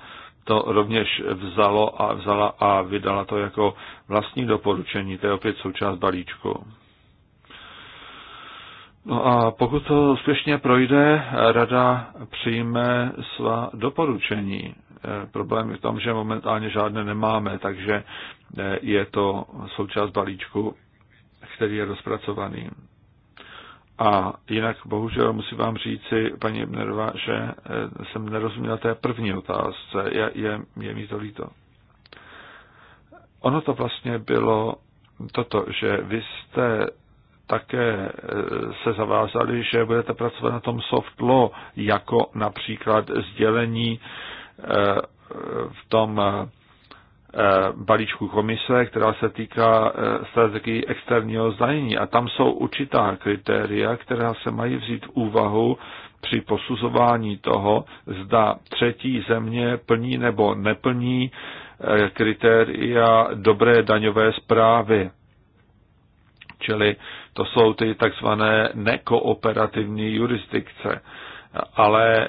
to rovněž vzalo a vzala a vydala to jako vlastní doporučení. To je opět součást balíčku. No a pokud to úspěšně projde, rada přijme svá doporučení. Eh, problém je v tom, že momentálně žádné nemáme, takže eh, je to součást balíčku, který je rozpracovaný. A jinak bohužel musím vám říci, paní Ebnerová, že eh, jsem nerozuměl té první otázce. Je, je, je mi to líto. Ono to vlastně bylo toto, že vy jste také eh, se zavázali, že budete pracovat na tom soft law, jako například sdělení eh, v tom Eh, balíčku komise, která se týká eh, strategii externího zdanění. A tam jsou určitá kritéria, která se mají vzít v úvahu při posuzování toho, zda třetí země plní nebo neplní eh, kritéria dobré daňové zprávy. Čili to jsou ty takzvané nekooperativní jurisdikce ale eh,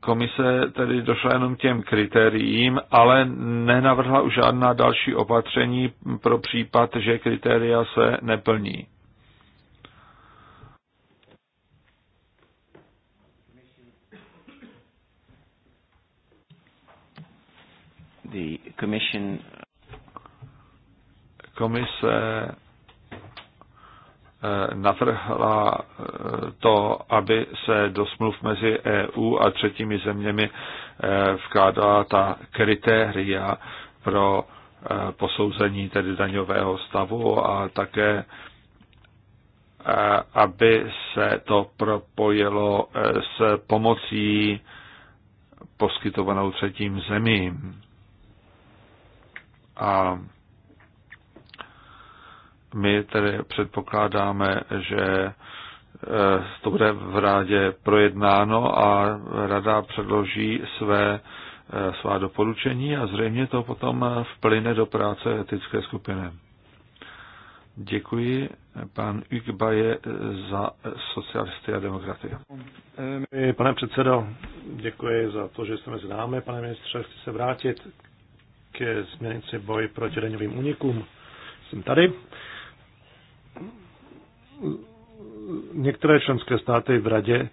komise tedy došla jenom těm kritériím, ale nenavrhla už žádná další opatření pro případ, že kritéria se neplní. The commission... Komise navrhla eh, to, aby se do smluv mezi EU a třetími zeměmi eh, vkládala ta kritéria pro eh, posouzení tedy daňového stavu a také aby se to propojilo s pomocí poskytovanou třetím zemím. A my tedy předpokládáme, že e, to bude v rádě projednáno a rada předloží své, e, svá doporučení a zřejmě to potom vplyne do práce etické skupiny. Děkuji pan Ugbaje za socialisty a demokraty. E, pane předsedo, děkuji za to, že jste mezi námi. Pane ministře, chci se vrátit ke změnici boji proti daňovým únikům. Jsem tady některé členské státy v radě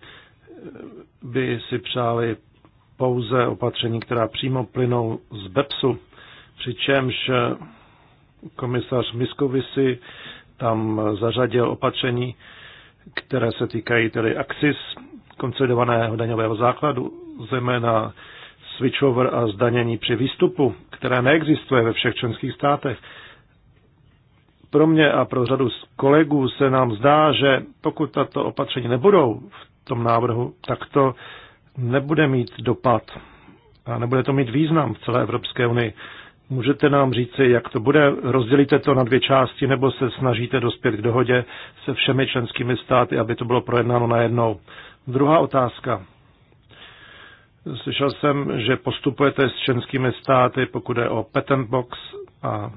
by si přáli pouze opatření, která přímo plynou z BEPSu, přičemž komisař Miskovisi tam zařadil opatření, které se týkají tedy AXIS, konsolidovaného daňového základu, zejména switchover a zdanění při výstupu, které neexistuje ve všech členských státech pro mě a pro řadu z kolegů se nám zdá, že pokud tato opatření nebudou v tom návrhu, tak to nebude mít dopad a nebude to mít význam v celé Evropské unii. Můžete nám říci, jak to bude? Rozdělíte to na dvě části nebo se snažíte dospět k dohodě se všemi členskými státy, aby to bylo projednáno najednou? Druhá otázka. Slyšel jsem, že postupujete s členskými státy, pokud je o patent box a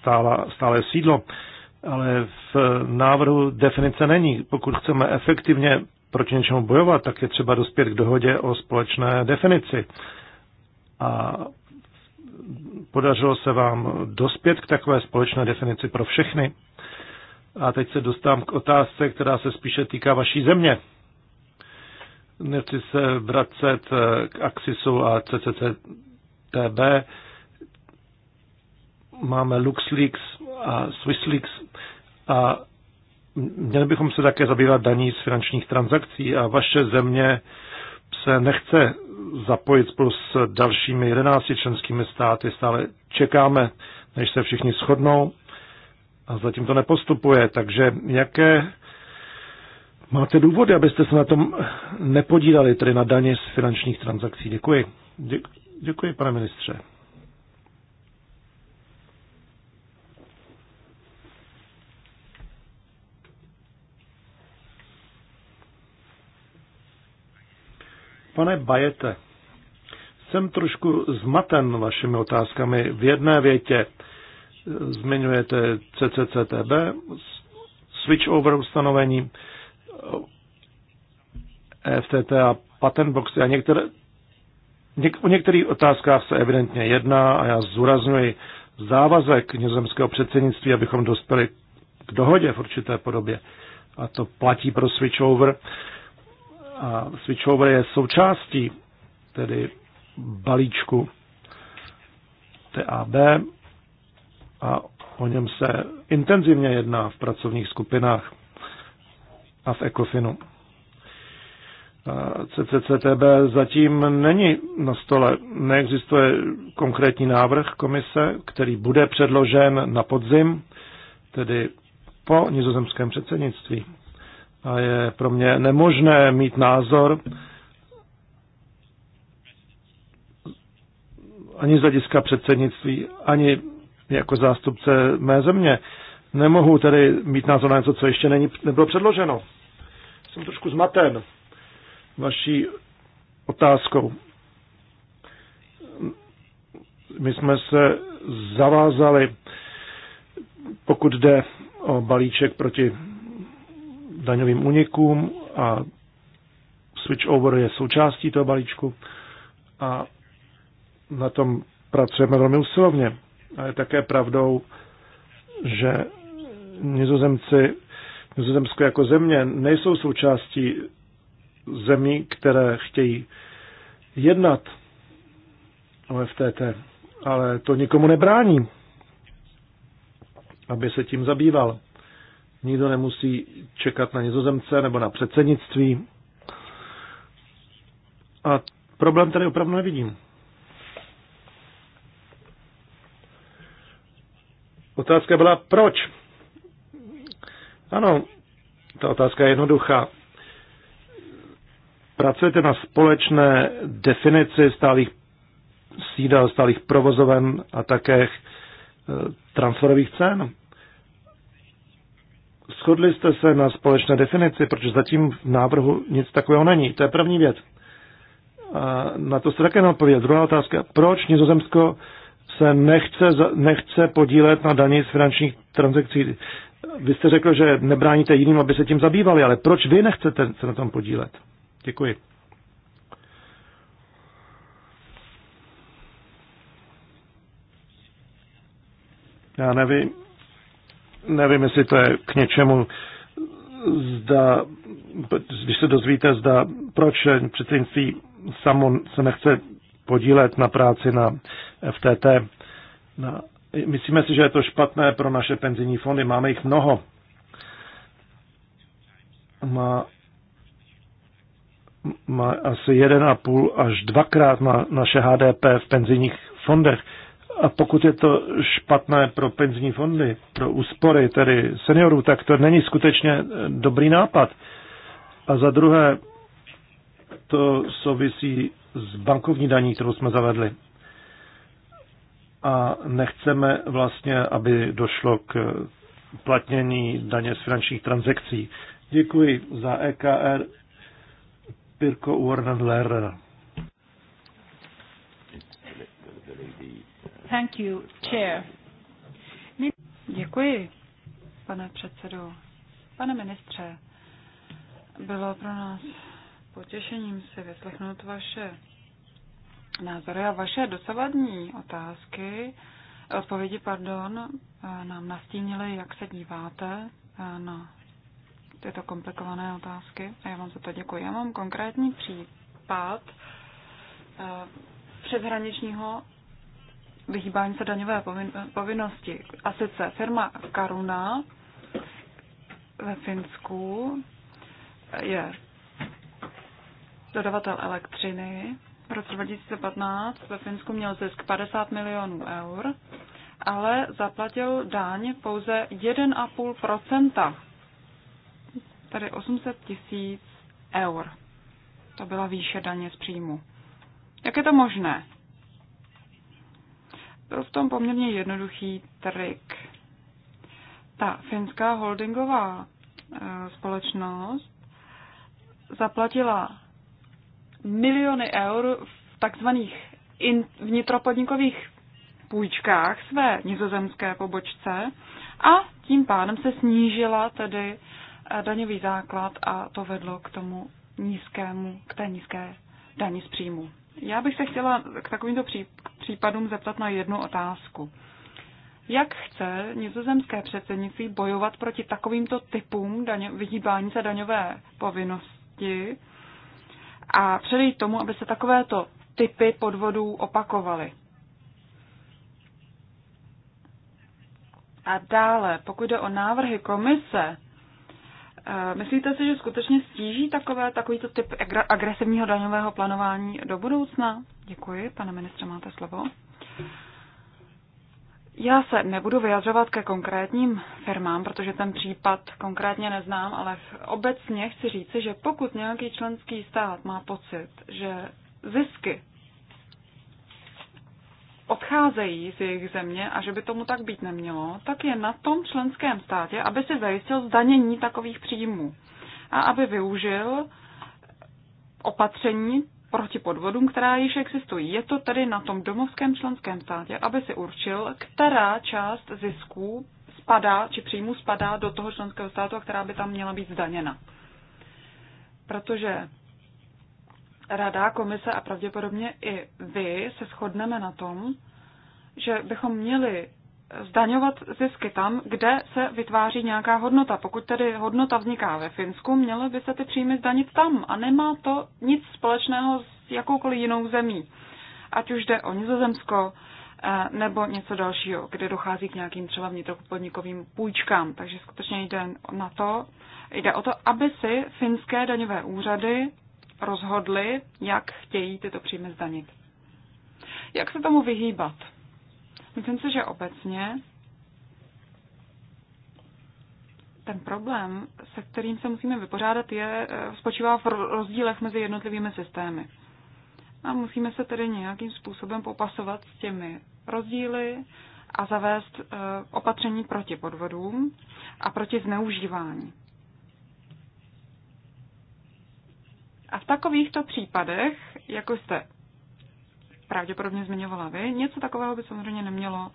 stála, stále sídlo, ale v návrhu definice není. Pokud chceme efektivně proti něčemu bojovat, tak je třeba dospět k dohodě o společné definici. A podařilo se vám dospět k takové společné definici pro všechny. A teď se dostám k otázce, která se spíše týká vaší země. Nechci se vracet k Axisu a CCCTB, máme LuxLeaks a SwissLeaks a měli bychom se také zabývat daní z finančních transakcí a vaše země se nechce zapojit spolu s dalšími 11 členskými státy. Stále čekáme, než se všichni shodnou a zatím to nepostupuje. Takže jaké máte důvody, abyste se na tom nepodílali, tedy na daně z finančních transakcí? Děkuji. Děkuji, pane ministře. Pane Bajete, jsem trošku zmaten vašimi otázkami. V jedné větě zmiňujete CCCTB, switchover ustanovení, EFTT a patent boxy a některé, něk, o některých otázkách se evidentně jedná a já zúraznuji závazek nizozemského předsednictví, abychom dospěli k dohodě v určité podobě. A to platí pro switchover a switchover je součástí tedy balíčku TAB a o něm se intenzivně jedná v pracovních skupinách a v ECOFINu. CCCTB zatím není na stole. Neexistuje konkrétní návrh komise, který bude předložen na podzim, tedy po nizozemském předsednictví a je pro mě nemožné mít názor ani z hlediska předsednictví, ani jako zástupce mé země. Nemohu tedy mít názor na něco, co ještě není, nebylo předloženo. Jsem trošku zmaten vaší otázkou. My jsme se zavázali, pokud jde o balíček proti daňovým unikům a switchover je součástí toho balíčku a na tom pracujeme velmi usilovně. A je také pravdou, že nizozemci, nizozemsko jako země nejsou součástí zemí, které chtějí jednat o FTT, ale to nikomu nebrání, aby se tím zabýval. Nikdo nemusí čekat na nizozemce nebo na předsednictví. A problém tady opravdu nevidím. Otázka byla proč? Ano, ta otázka je jednoduchá. Pracujete na společné definici stálých sídel, stálých provozoven a také eh, transferových cen. Shodli jste se na společné definici, protože zatím v návrhu nic takového není. To je první věc. A na to se také neodpověděl. Druhá otázka. Proč Nizozemsko se nechce, nechce podílet na daní z finančních transakcí? Vy jste řekl, že nebráníte jiným, aby se tím zabývali, ale proč vy nechcete se na tom podílet? Děkuji. Já nevím, Nevím, jestli to je k něčemu, zda, když se dozvíte, zda, proč předsednictví samo se nechce podílet na práci na FTT. Na, myslíme si, že je to špatné pro naše penzijní fondy. Máme jich mnoho. Má, má asi 1,5 až dvakrát na naše HDP v penzijních fondech. A pokud je to špatné pro penzijní fondy, pro úspory, tedy seniorů, tak to není skutečně dobrý nápad. A za druhé, to souvisí s bankovní daní, kterou jsme zavedli. A nechceme vlastně, aby došlo k platnění daně z finančních transakcí. Děkuji za EKR Pirko Warner Lerner. Thank you, chair. Děkuji, pane předsedo. Pane ministře, bylo pro nás potěšením si vyslechnout vaše názory a vaše dosavadní otázky, odpovědi, pardon, nám nastínily, jak se díváte na tyto komplikované otázky a já vám za to děkuji. Já mám konkrétní případ eh, přeshraničního vyhýbání se daňové povinnosti. A sice firma Karuna ve Finsku je dodavatel elektřiny. V roce 2015 ve Finsku měl zisk 50 milionů eur, ale zaplatil daň pouze 1,5%, tedy 800 tisíc eur. To byla výše daně z příjmu. Jak je to možné? byl v tom poměrně jednoduchý trik. Ta finská holdingová eh, společnost zaplatila miliony eur v takzvaných vnitropodnikových půjčkách své nizozemské pobočce a tím pádem se snížila tedy eh, daňový základ a to vedlo k tomu nízkému, k té nízké daní z příjmu. Já bych se chtěla k takovýmto pří, případům zeptat na jednu otázku. Jak chce nizozemské předsednictví bojovat proti takovýmto typům daně, vyhýbání se daňové povinnosti a předejít tomu, aby se takovéto typy podvodů opakovaly? A dále, pokud jde o návrhy komise Eh, myslíte si, že skutečně stíží takové, takovýto typ agresivního daňového plánování do budoucna? Děkuji, pane ministře, máte slovo. Já se nebudu vyjadřovat ke konkrétním firmám, protože ten případ konkrétně neznám, ale obecně chci říci, že pokud nějaký členský stát má pocit, že zisky odcházejí z jejich země a že by tomu tak být nemělo, tak je na tom členském státě, aby si zajistil zdanění takových příjmů a aby využil opatření proti podvodům, která již existují. Je to tedy na tom domovském členském státě, aby si určil, která část zisků spadá, či příjmu spadá do toho členského státu, a která by tam měla být zdaněna. Protože Rada, komise a pravděpodobně i vy se shodneme na tom, že bychom měli zdaňovat zisky tam, kde se vytváří nějaká hodnota. Pokud tedy hodnota vzniká ve Finsku, mělo by se ty příjmy zdanit tam a nemá to nic společného s jakoukoliv jinou zemí. Ať už jde o Nizozemsko eh, nebo něco dalšího, kde dochází k nějakým třeba vnitropodnikovým půjčkám. Takže skutečně jde na to, jde o to, aby si finské daňové úřady rozhodli, jak chtějí tyto příjmy zdanit. Jak se tomu vyhýbat? Myslím si, že obecně ten problém, se kterým se musíme vypořádat, je, eh, spočívá v rozdílech mezi jednotlivými systémy. A musíme se tedy nějakým způsobem popasovat s těmi rozdíly a zavést eh, opatření proti podvodům a proti zneužívání. A v takovýchto případech, jako jste pravděpodobně zmiňovala vy, něco takového by samozřejmě nemělo uh,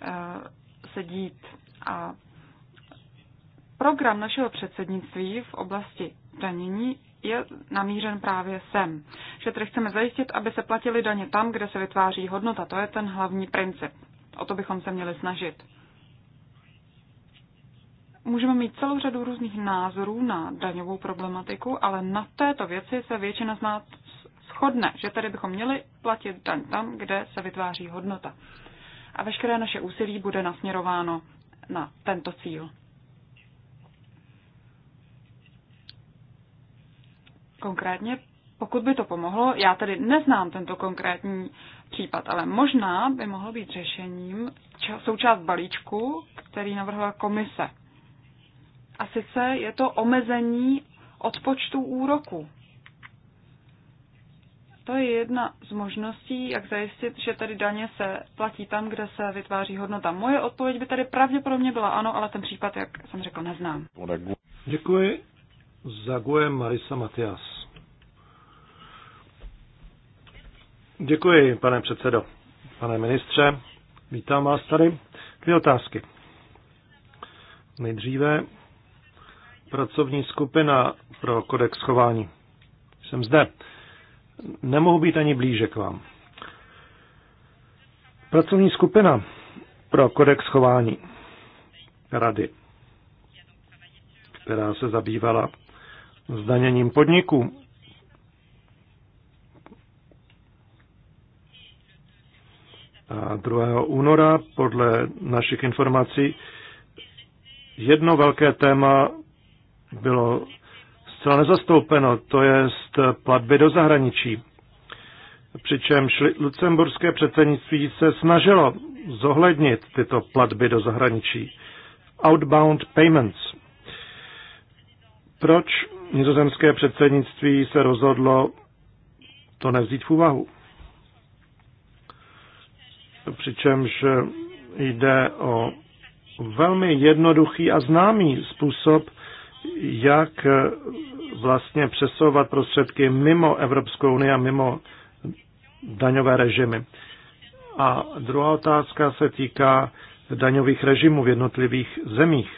eh, sedít. A program našeho předsednictví v oblasti danění je namířen právě sem. Že tedy chceme zajistit, aby se platily daně tam, kde se vytváří hodnota. To je ten hlavní princip. O to bychom se měli snažit můžeme mít celou řadu různých názorů na daňovou problematiku, ale na této věci se většina z nás shodne, že tady bychom měli platit daň tam, kde se vytváří hodnota. A veškeré naše úsilí bude nasměrováno na tento cíl. Konkrétně, pokud by to pomohlo, já tedy neznám tento konkrétní případ, ale možná by mohlo být řešením součást balíčku, který navrhla komise – a sice je to omezení odpočtu úroku. To je jedna z možností, jak zajistit, že tady daně se platí tam, kde se vytváří hodnota. Moje odpověď by tady pravděpodobně byla ano, ale ten případ, jak jsem řekl, neznám. Děkuji. Zaguje Marisa Matias. Děkuji, pane předsedo. Pane ministře, vítám vás tady. Dvě otázky. Nejdříve pracovní skupina pro kodex chování. Jsem zde. Nemohu být ani blíže k vám. Pracovní skupina pro kodex chování rady, která se zabývala zdaněním podniků. A 2. února podle našich informací jedno velké téma bylo zcela nezastoupeno, to je platby do zahraničí. Přičemž lucemburské předsednictví se snažilo zohlednit tyto platby do zahraničí. Outbound payments. Proč nizozemské předsednictví se rozhodlo to nevzít v úvahu? Přičemž jde o velmi jednoduchý a známý způsob, jak eh, vlastně přesouvat prostředky mimo Evropskou unii a mimo daňové režimy. A druhá otázka se týká daňových režimů v jednotlivých zemích.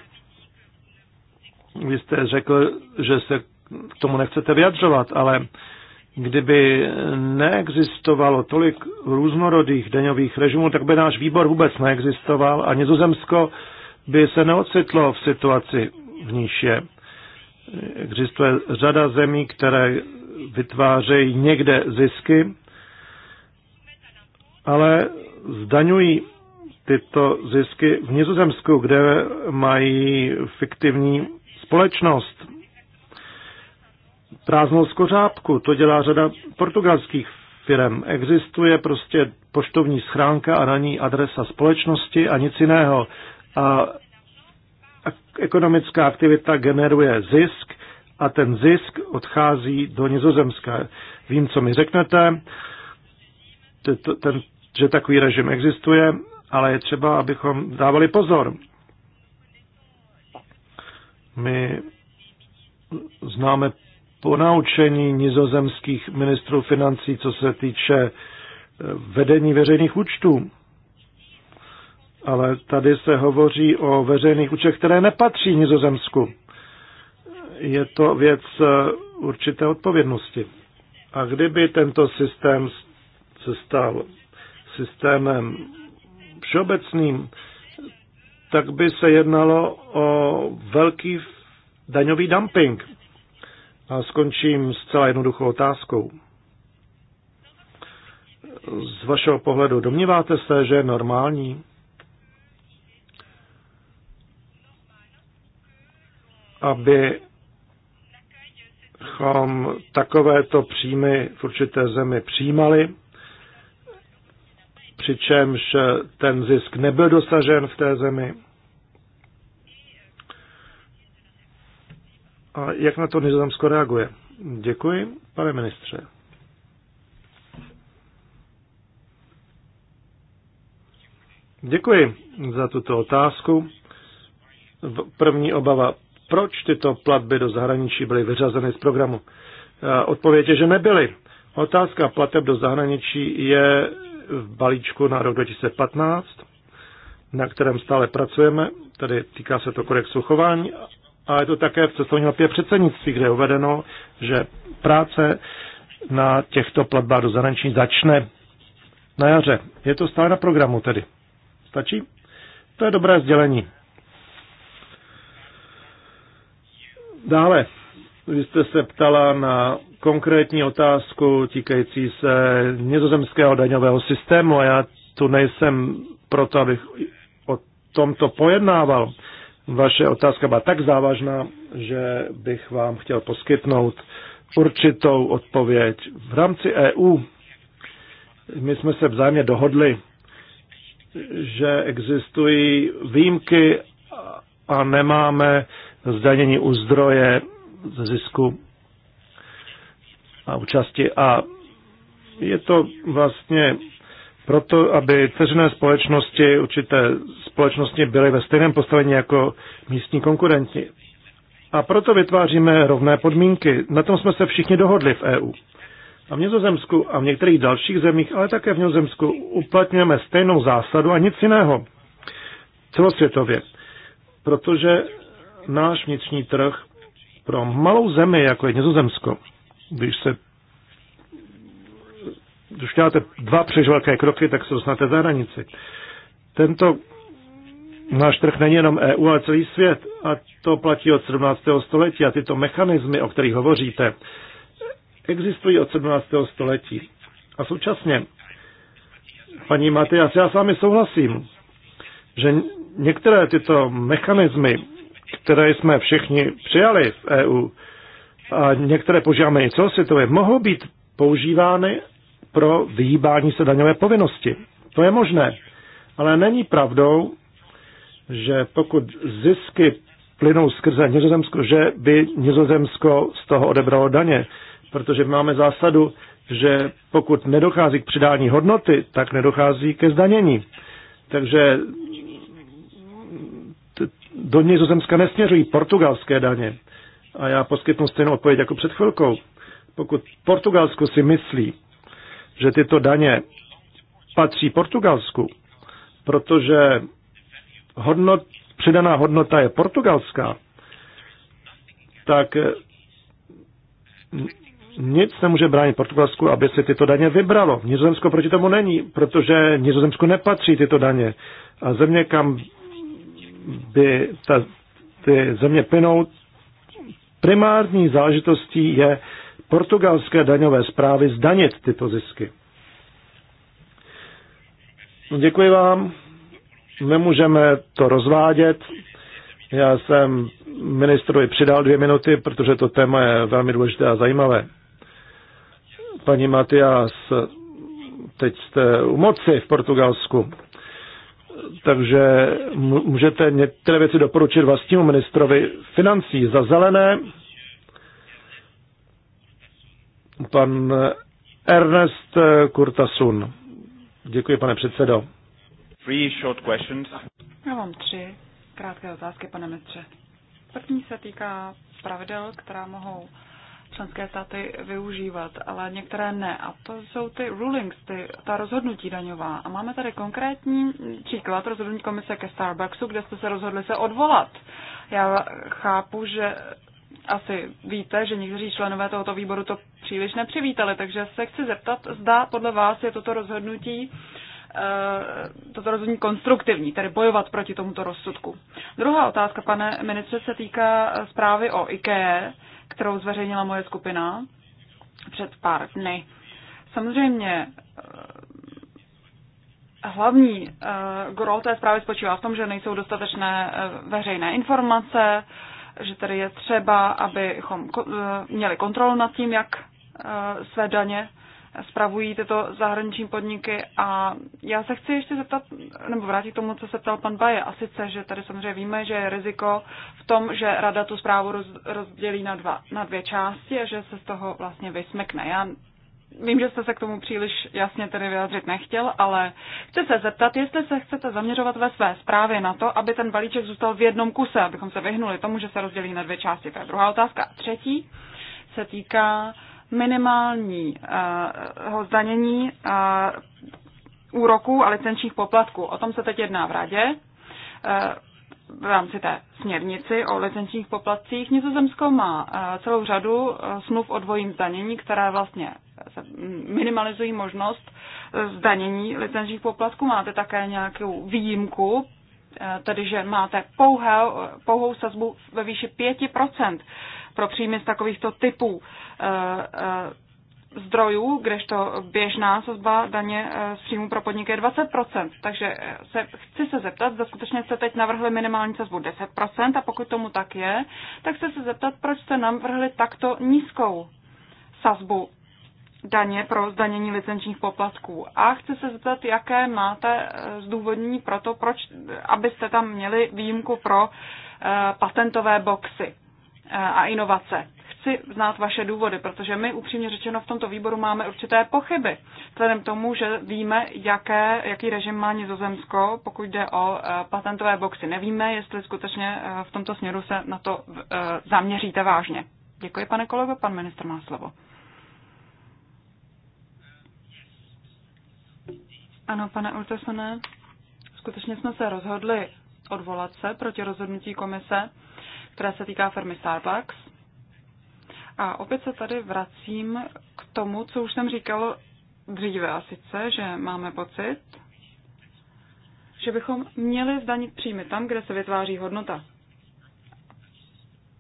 Vy jste řekl, že se k tomu nechcete vyjadřovat, ale kdyby neexistovalo tolik různorodých daňových režimů, tak by náš výbor vůbec neexistoval a Nizozemsko by se neocitlo v situaci, v níž je. Existuje řada zemí, které vytvářejí někde zisky, ale zdaňují tyto zisky v Nizozemsku, kde mají fiktivní společnost. Prázdnou skořápku, to dělá řada portugalských firm. Existuje prostě poštovní schránka a na ní adresa společnosti a nic jiného. A ekonomická aktivita generuje zisk a ten zisk odchází do Nizozemska. Vím, co mi řeknete, ten, že takový režim existuje, ale je třeba, abychom dávali pozor. My známe ponaučení nizozemských ministrů financí, co se týče eh, vedení veřejných účtů ale tady se hovoří o veřejných účtech, které nepatří Nizozemsku. Je to věc eh, určité odpovědnosti. A kdyby tento systém se stal systémem všeobecným, tak by se jednalo o velký daňový dumping. A skončím celá jednoduchou otázkou. Z vašeho pohledu domníváte se, že je normální, abychom takovéto příjmy v určité zemi přijímali, přičemž ten zisk nebyl dosažen v té zemi. A jak na to Nizozemsko reaguje? Děkuji, pane ministře. Děkuji za tuto otázku. První obava proč tyto platby do zahraničí byly vyřazeny z programu. E, odpověď je, že nebyly. Otázka plateb do zahraničí je v balíčku na rok 2015, na kterém stále pracujeme, tedy týká se to kodexu chování, a je to také v cestovní mapě předsednictví, kde je uvedeno, že práce na těchto platbách do zahraničí začne na jaře. Je to stále na programu tedy. Stačí? To je dobré sdělení. Dále, vy jste se ptala na konkrétní otázku týkající se nizozemského daňového systému a já tu nejsem proto, abych o tomto pojednával. Vaše otázka byla tak závažná, že bych vám chtěl poskytnout určitou odpověď. V rámci EU my jsme se vzájemně dohodli, že existují výjimky a nemáme zdanění u zdroje ze zisku a účasti. A je to vlastně proto, aby ceřené společnosti, určité společnosti byly ve stejném postavení jako místní konkurenti. A proto vytváříme rovné podmínky. Na tom jsme se všichni dohodli v EU. A v Nizozemsku a v některých dalších zemích, ale také v Nizozemsku, uplatňujeme stejnou zásadu a nic jiného. Celosvětově. Protože náš vnitřní trh pro malou zemi, jako je Nizozemsko, když se když děláte dva příliš velké kroky, tak se dostanete za hranici. Tento náš trh není jenom EU, ale celý svět. A to platí od 17. století. A tyto mechanismy, o kterých hovoříte, existují od 17. století. A současně, paní Matias, já s vámi souhlasím, že některé tyto mechanismy které jsme všichni přijali v EU, a některé požíváme i celosvětově, mohou být používány pro vyhýbání se daňové povinnosti. To je možné. Ale není pravdou, že pokud zisky plynou skrze Nizozemsko, že by Nizozemsko z toho odebralo daně. Protože máme zásadu, že pokud nedochází k přidání hodnoty, tak nedochází ke zdanění. Takže do Nizozemska nesměřují portugalské daně. A já poskytnu stejnou odpověď jako před chvilkou. Pokud Portugalsko si myslí, že tyto daně patří Portugalsku, protože hodnot, přidaná hodnota je portugalská, tak eh, nic nemůže bránit Portugalsku, aby si tyto daně vybralo. Nizozemsko proti tomu není, protože Nizozemsku nepatří tyto daně. A země, kam by ta, ty země plynou, primární záležitostí je portugalské daňové zprávy zdanit tyto zisky. No, děkuji vám. Nemůžeme to rozvádět. Já jsem ministrovi přidal dvě minuty, protože to téma je velmi důležité a zajímavé. Paní Matias, teď jste u moci v Portugalsku takže můžete některé věci doporučit vlastnímu ministrovi financí za zelené. Pan Ernest Kurtasun. Děkuji, pane předsedo. Three short questions. Já mám tři krátké otázky, pane ministře. První se týká pravidel, která mohou členské státy využívat, ale některé ne. A to jsou ty rulings, ty, ta rozhodnutí daňová. A máme tady konkrétní příklad rozhodnutí komise ke Starbucksu, kde jste se rozhodli se odvolat. Já chápu, že asi víte, že někteří členové tohoto výboru to příliš nepřivítali, takže se chci zeptat, zda podle vás je toto rozhodnutí eh, toto rozhodnutí konstruktivní, tedy bojovat proti tomuto rozsudku. Druhá otázka, pane ministře, se týká zprávy o IKEA kterou zveřejnila moje skupina před pár dny. Samozřejmě eh, hlavní uh, gro té zprávy spočívá v tom, že nejsou dostatečné eh, veřejné informace, že tedy je třeba, abychom měli kontrolu nad tím, jak své daně spravují tyto zahraniční podniky. A já se chci ještě zeptat, nebo vrátit k tomu, co se ptal pan Baje. A sice, že tady samozřejmě víme, že je riziko v tom, že rada tu zprávu roz, rozdělí na, dva, na dvě části a že se z toho vlastně vysmekne. Já Vím, že jste se k tomu příliš jasně tedy vyjádřit nechtěl, ale chci se zeptat, jestli se chcete zaměřovat ve své zprávě na to, aby ten balíček zůstal v jednom kuse, abychom se vyhnuli tomu, že se rozdělí na dvě části. To je druhá otázka. A třetí se týká uh, minimálního eh, zdanění eh, úroků a licenčních poplatků. O tom se teď jedná v radě eh, v rámci té směrnici o licenčních poplatcích. Nizozemsko má celou řadu smluv o dvojím zdanění, které vlastně minimalizují možnost zdanění licenčních poplatků. Máte také nějakou výjimku, tedy že máte pouhou, pouhou sazbu ve výši 5% pro příjmy z takovýchto typů eh, eh, zdrojů, kdežto běžná sazba daně eh, z příjmu pro podniky je 20%. Takže se, chci se zeptat, zda skutečně jste teď navrhli minimální sazbu 10% a pokud tomu tak je, tak chci se zeptat, proč jste navrhli takto nízkou sazbu daně pro zdanění licenčních poplatků. A chci se zeptat, jaké máte zdůvodnění pro to, proč, abyste tam měli výjimku pro patentové boxy a inovace. Chci znát vaše důvody, protože my upřímně řečeno v tomto výboru máme určité pochyby. Vzhledem tomu, že víme, jaké, jaký režim má Nizozemsko, pokud jde o e, patentové boxy. Nevíme, jestli skutečně e, v tomto směru se na to e, zaměříte vážně. Děkuji, pane kolego. Pan ministr má slovo. Ano, pane Ultesone, skutečně jsme se rozhodli odvolat se proti rozhodnutí komise která se týká firmy Starbucks. A opět se tady vracím k tomu, co už jsem říkal dříve, a sice, že máme pocit, že bychom měli zdanit příjmy tam, kde se vytváří hodnota.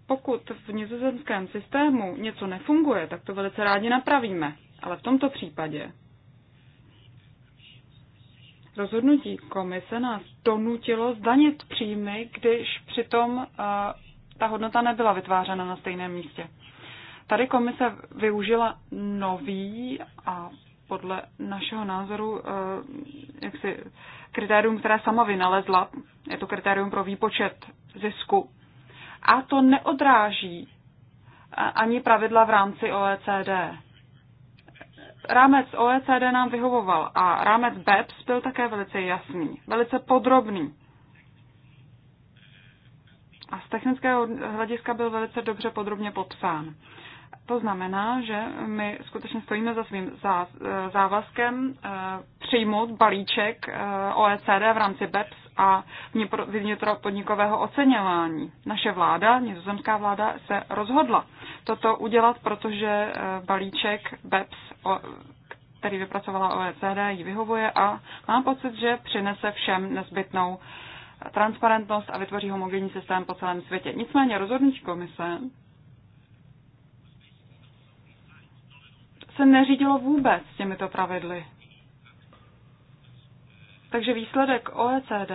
Pokud v nizozemském systému něco nefunguje, tak to velice rádi napravíme. Ale v tomto případě rozhodnutí komise nás donutilo zdanit příjmy, když přitom eh, ta hodnota nebyla vytvářena na stejném místě. Tady komise využila nový a podle našeho názoru eh, jaksi, kritérium, které sama vynalezla. Je to kritérium pro výpočet zisku. A to neodráží eh, ani pravidla v rámci OECD. Rámec OECD nám vyhovoval a rámec BEPS byl také velice jasný, velice podrobný. A z technického hlediska byl velice dobře podrobně popsán. To znamená, že my skutečně stojíme za svým e, závazkem e, přijmout balíček e, OECD v rámci BEPS a podnikového oceňování. Naše vláda, nizozemská vláda, se rozhodla toto udělat, protože balíček BEPS, který vypracovala OECD, ji vyhovuje a má pocit, že přinese všem nezbytnou transparentnost a vytvoří homogenní systém po celém světě. Nicméně rozhodnutí komise se neřídilo vůbec těmito pravidly. Takže výsledek OECD,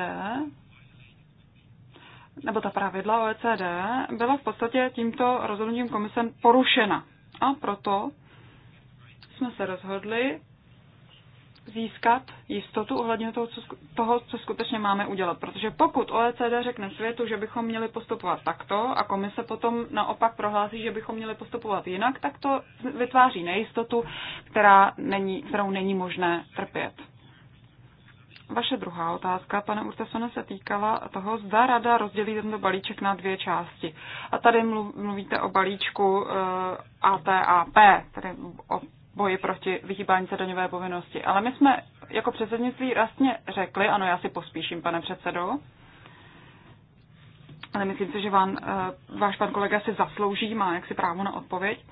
nebo ta pravidla OECD, byla v podstatě tímto rozhodnutím komisem porušena. A proto jsme se rozhodli získat jistotu ohledně toho co, toho, co skutečně máme udělat. Protože pokud OECD řekne světu, že bychom měli postupovat takto a komise potom naopak prohlásí, že bychom měli postupovat jinak, tak to vytváří nejistotu, která není, kterou není možné trpět. Vaše druhá otázka, pane Urtesone, se týkala toho, zda rada rozdělí tento balíček na dvě části. A tady mluvíte o balíčku eh, ATAP, tedy o boji proti vyhýbání se daňové povinnosti. Ale my jsme jako předsednictví vlastně řekli, ano, já si pospíším, pane předsedo, ale myslím si, že vám, eh, váš pan kolega si zaslouží, má jaksi právo na odpověď.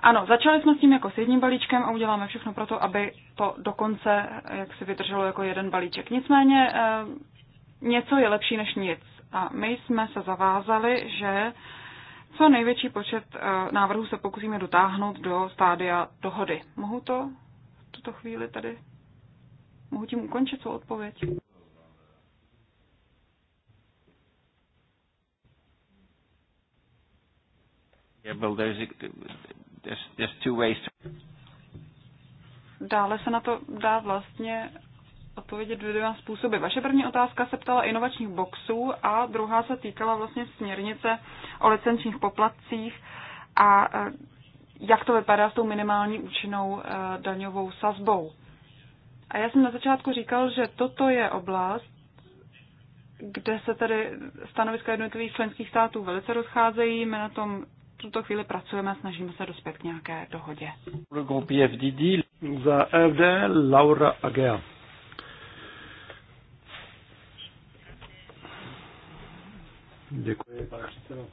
Ano, začali jsme s tím jako s jedním balíčkem a uděláme všechno pro to, aby to dokonce eh, jak si vydrželo jako jeden balíček. Nicméně eh, něco je lepší než nic. A my jsme se zavázali, že co největší počet eh, návrhů se pokusíme dotáhnout do stádia dohody. Mohu to v tuto chvíli tady? Mohu tím ukončit svou odpověď? Yeah, well, there's, there's, there's two ways to... Dále se na to dá vlastně odpovědět dvěma způsoby. Vaše první otázka se ptala inovačních boxů a druhá se týkala vlastně směrnice o licenčních poplatcích a e, jak to vypadá s tou minimální účinnou e, daňovou sazbou. A já jsem na začátku říkal, že toto je oblast, kde se tedy stanoviska jednotlivých členských států velice rozcházejí. My na tom v tuto chvíli pracujeme, a snažíme se dospět k nějaké dohodě. Za FD Laura Agea. Děkuji, pane předsedo.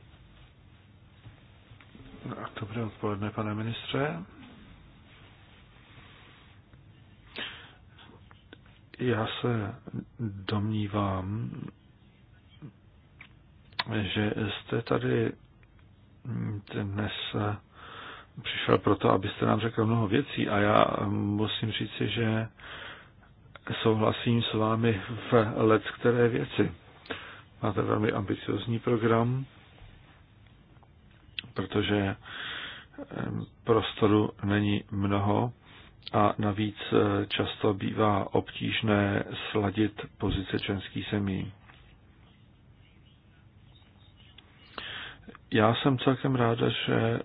No dobré odpoledne, pane ministře. Já se domnívám, že jste tady dnes přišel proto, abyste nám řekl mnoho věcí a já musím říci, že souhlasím s vámi v let které věci. Máte velmi ambiciozní program, protože eh, prostoru není mnoho a navíc eh, často bývá obtížné sladit pozice členských zemí. Já jsem celkem ráda, že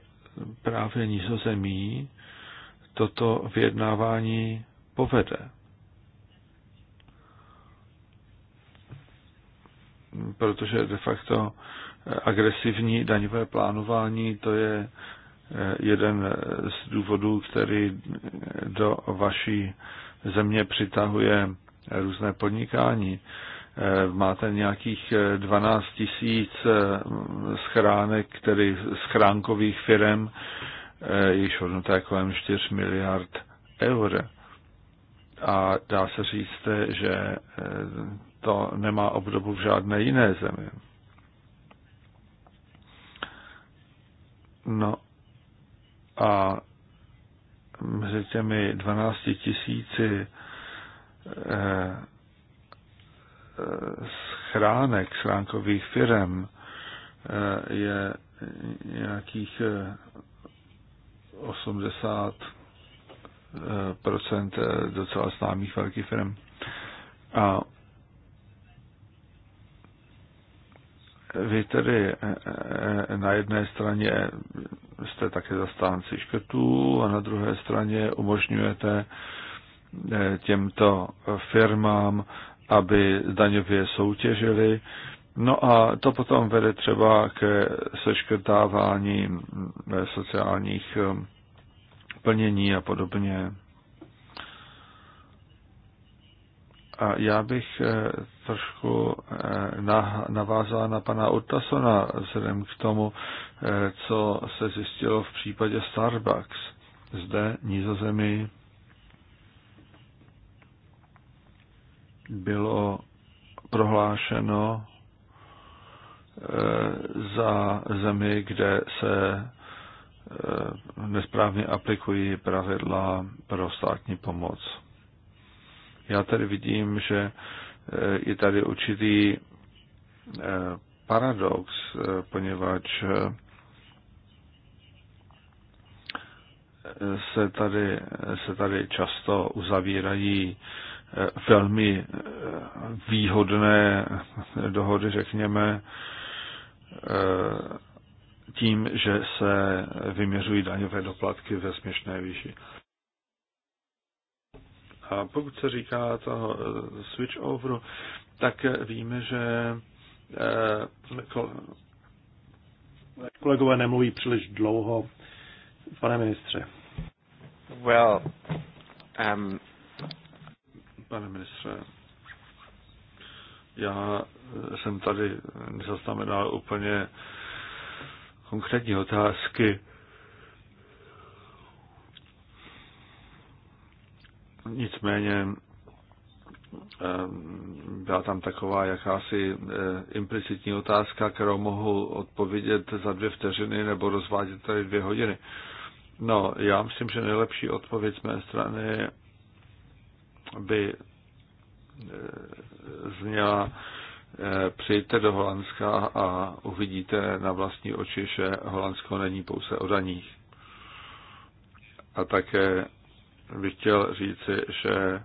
právě nizozemí toto vyjednávání povede. protože de facto eh, agresivní daňové plánování to je eh, jeden eh, z důvodů, který do vaší země přitahuje různé podnikání. Máte nějakých 12 tisíc schránek, tedy schránkových firm, již hodnota je kolem 4 miliard eur. A dá se říct, že to nemá obdobu v žádné jiné zemi. No a mezi těmi 12 tisíci eh, eh, schránek, schránkových firm eh, je nějakých 80 docela známých velkých firm. A Vy tedy e, e, e, na jedné straně jste také zastánci škrtů a na druhé straně umožňujete těmto firmám, aby daňově soutěžili. No a to potom vede třeba k seškrtávání sociálních plnění a podobně. A já bych eh, trošku eh, navázal na pana Urtasona vzhledem k tomu, eh, co se zjistilo v případě Starbucks. Zde nízozemí bylo prohlášeno za zemi, kde se nesprávně aplikují pravidla pro státní pomoc. Já tady vidím, že e, je tady určitý e, paradox, e, poněvadž se tady, se tady často uzavírají velmi výhodné dohody, řekněme, tím, že se vyměřují daňové doplatky ve směšné výši. A pokud se říká toho eh, switch overu, tak eh, víme, že eh, kolegové nemluví příliš dlouho. Pane ministře. Well, um... Pane ministře, já jsem tady nezaznamenal úplně konkrétní otázky. Nicméně eh, byla tam taková jakási eh, implicitní otázka, kterou mohu odpovědět za dvě vteřiny nebo rozvádět tady dvě hodiny. No, já myslím, že nejlepší odpověď z mé strany by eh, zněla přijďte do Holandska a uvidíte na vlastní oči, že Holandsko není pouze o daních. A také bych chtěl říci, že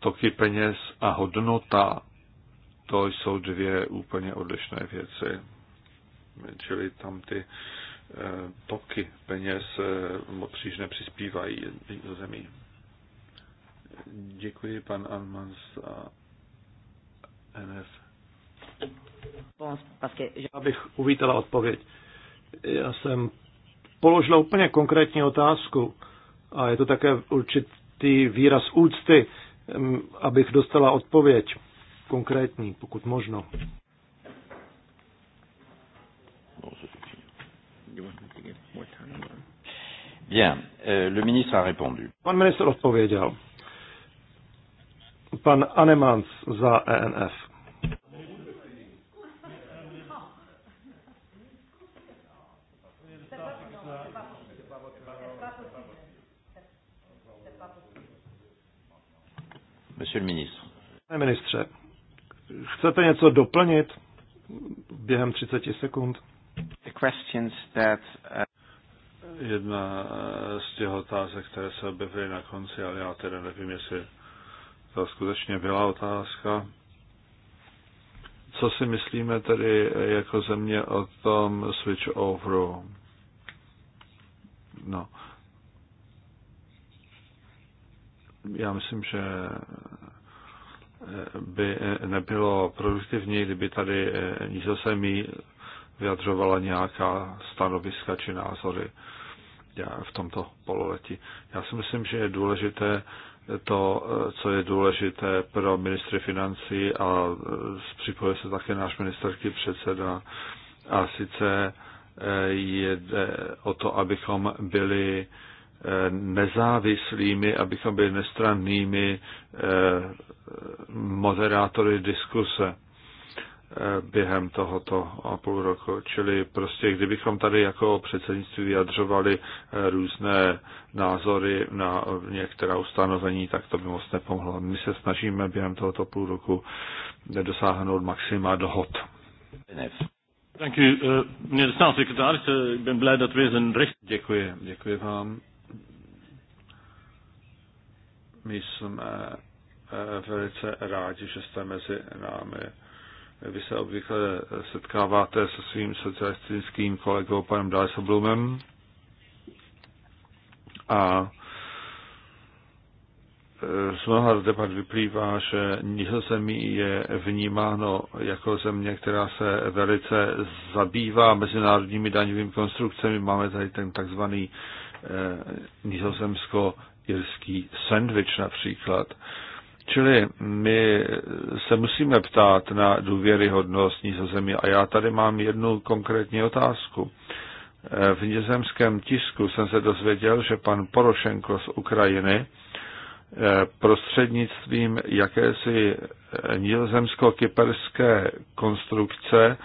toky peněz a hodnota, to jsou dvě úplně odlišné věci. Čili tam ty eh, toky peněz moc eh, nepřispívají do zemí. Děkuji, pan Almans a NF. Já bych uvítala odpověď. Já jsem položila úplně konkrétní otázku a je to také určitý výraz úcty, mm, abych dostala odpověď konkrétní, pokud možno. Bien, euh, le ministre a répondu. Pan ministr odpověděl. Pan Anemans za ENF. Monsieur le ministre. Pane ministře, chcete něco doplnit během 30 sekund? The questions that, uh... Jedna z těch otázek, které se objevily na konci, ale já tedy nevím, jestli to skutečně byla otázka. Co si myslíme tedy jako země o tom switch overu? No. Já myslím, že by nebylo produktivní, kdyby tady eh, nízozemí vyjadřovala nějaká stanoviska či názory v tomto pololetí. Já si myslím, že je důležité to, eh, co je důležité pro ministry financí a eh, připojuje se také náš ministerský předseda a sice je o to, abychom byli nezávislými, abychom byli nestrannými eh, moderátory diskuse eh, během tohoto půl roku. Čili prostě, kdybychom tady jako předsednictví vyjadřovali eh, různé názory na některá ustanovení, tak to by moc nepomohlo. My se snažíme během tohoto půl roku dosáhnout maxima dohod. Děkuji, děkuji vám. My jsme eh, velice rádi, že jste mezi námi. Vy se obvykle setkáváte se svým socialistickým kolegou panem Dalesoblumem a eh, z mnoha debat vyplývá, že Nizozemí je vnímáno jako země, která se velice zabývá mezinárodními daňovými konstrukcemi. Máme tady ten takzvaný eh, nizozemsko jirský sendvič, například. Čili my se musíme ptát na důvěryhodnost Nizozemí a já tady mám jednu konkrétní otázku. V nizozemském tisku jsem se dozvěděl, že pan Porošenko z Ukrajiny eh, prostřednictvím jakési eh, nizozemsko-kyperské konstrukce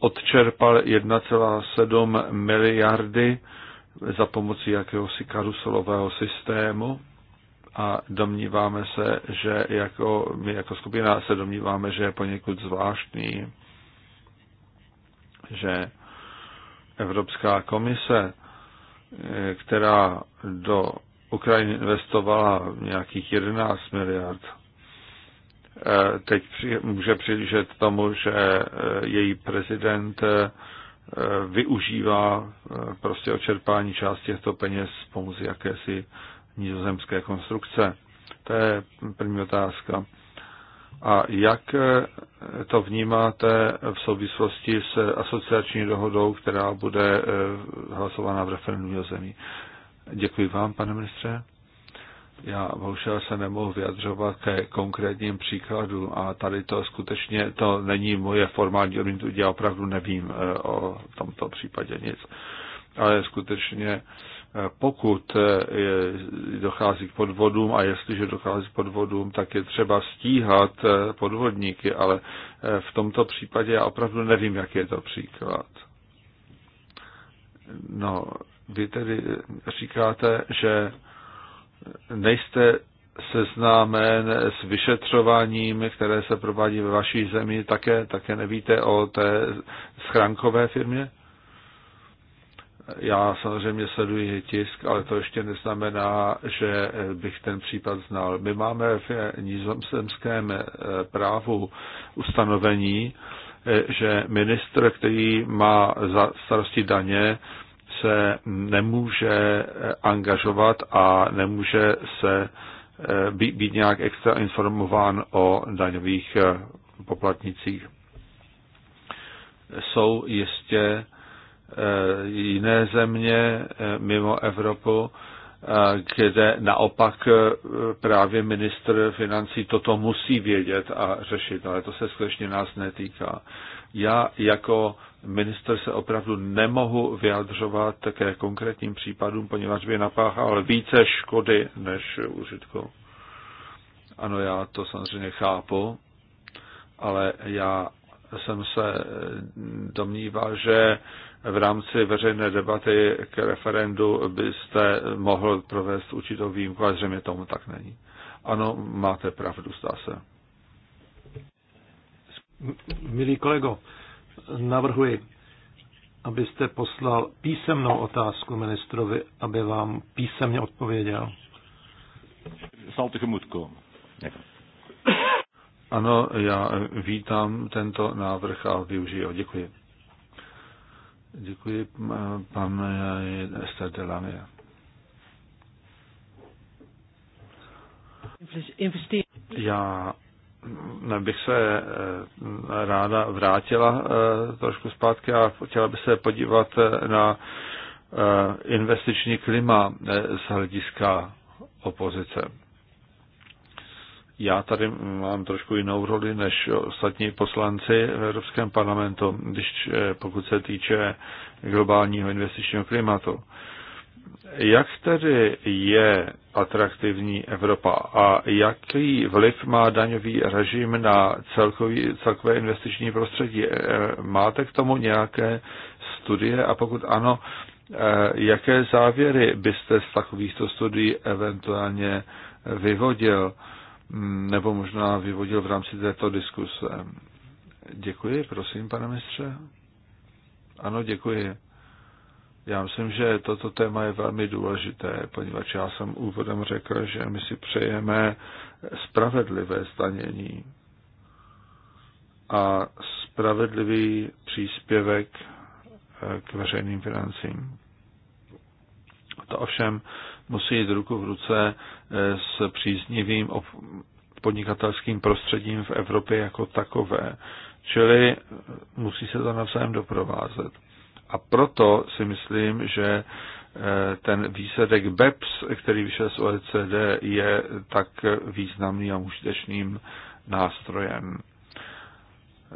odčerpal 1,7 miliardy za pomoci jakéhosi karuselového systému a domníváme se, že jako, my jako skupina se domníváme, že je poněkud zvláštní, že Evropská komise, eh, která do Ukrajiny investovala nějakých 11 miliard, eh, teď může přilížet tomu, že eh, její prezident Eh, využívá eh, prostě očerpání části těchto peněz pomocí jakési nizozemské konstrukce. To je první otázka. A jak eh, to vnímáte v souvislosti s asociační dohodou, která bude hlasována v referendu zemí? Děkuji vám, pane ministře já bohužel se nemohu vyjadřovat ke konkrétním příkladům a tady to skutečně to není moje formální odmítu, já opravdu nevím eh, o tomto případě nic. Ale skutečně eh, pokud eh, dochází k podvodům a jestliže dochází k podvodům, tak je třeba stíhat podvodníky, ale v tomto případě já opravdu nevím, jaký je to příklad. No, vy tedy říkáte, že nejste seznámen s vyšetřováním, které se provádí ve vaší zemi, také, také nevíte o té schránkové firmě? Já samozřejmě sleduji tisk, ale to ještě neznamená, že bych ten případ znal. My máme v nizozemském právu ustanovení, že ministr, který má za starosti daně, se nemůže eh, angažovat a nemůže se eh, být, být nějak extra informován o daňových eh, poplatnicích. Jsou jistě jiné země mimo Evropu, kde naopak právě ministr financí toto musí vědět a řešit, ale to se skutečně nás netýká. Já jako minister se opravdu nemohu vyjadřovat ke konkrétním případům, poněvadž by napáchal více škody než užitku. Ano, já to samozřejmě chápu, ale já jsem se domníval, že v rámci veřejné debaty k referendu byste mohl provést určitou výjimku, ale zřejmě tomu tak není. Ano, máte pravdu, zdá se. Milý kolego, navrhuji, abyste poslal písemnou otázku ministrovi, aby vám písemně odpověděl. Ano, já vítám tento návrh a využiji ho. Děkuji. Děkuji, pan Ester Delania. Já bych se eh, ráda vrátila eh, trošku zpátky a chtěla bych se podívat eh, na investiční klima z hlediska opozice. Já tady mám trošku jinou roli než ostatní poslanci v Evropském parlamentu, když pokud se týče globálního investičního klimatu. Jak tedy je atraktivní Evropa a jaký vliv má daňový režim na celkový, celkové investiční prostředí? Eh, máte k tomu nějaké studie a pokud ano, eh, jaké závěry byste z takovýchto studií eventuálně vyvodil hm, nebo možná vyvodil v rámci této diskuse? Děkuji, prosím, pane mistře. Ano, děkuji. Já myslím, že toto téma je velmi důležité, poněvadž já jsem úvodem řekl, že my si přejeme spravedlivé stanění a spravedlivý příspěvek eh, k veřejným financím. To ovšem musí jít ruku v ruce eh, s příznivým podnikatelským prostředím v Evropě jako takové. Čili eh, musí se to navzájem doprovázet. A proto si myslím, že eh, ten výsledek BEPS, který vyšel z OECD, je tak významným a užitečným nástrojem.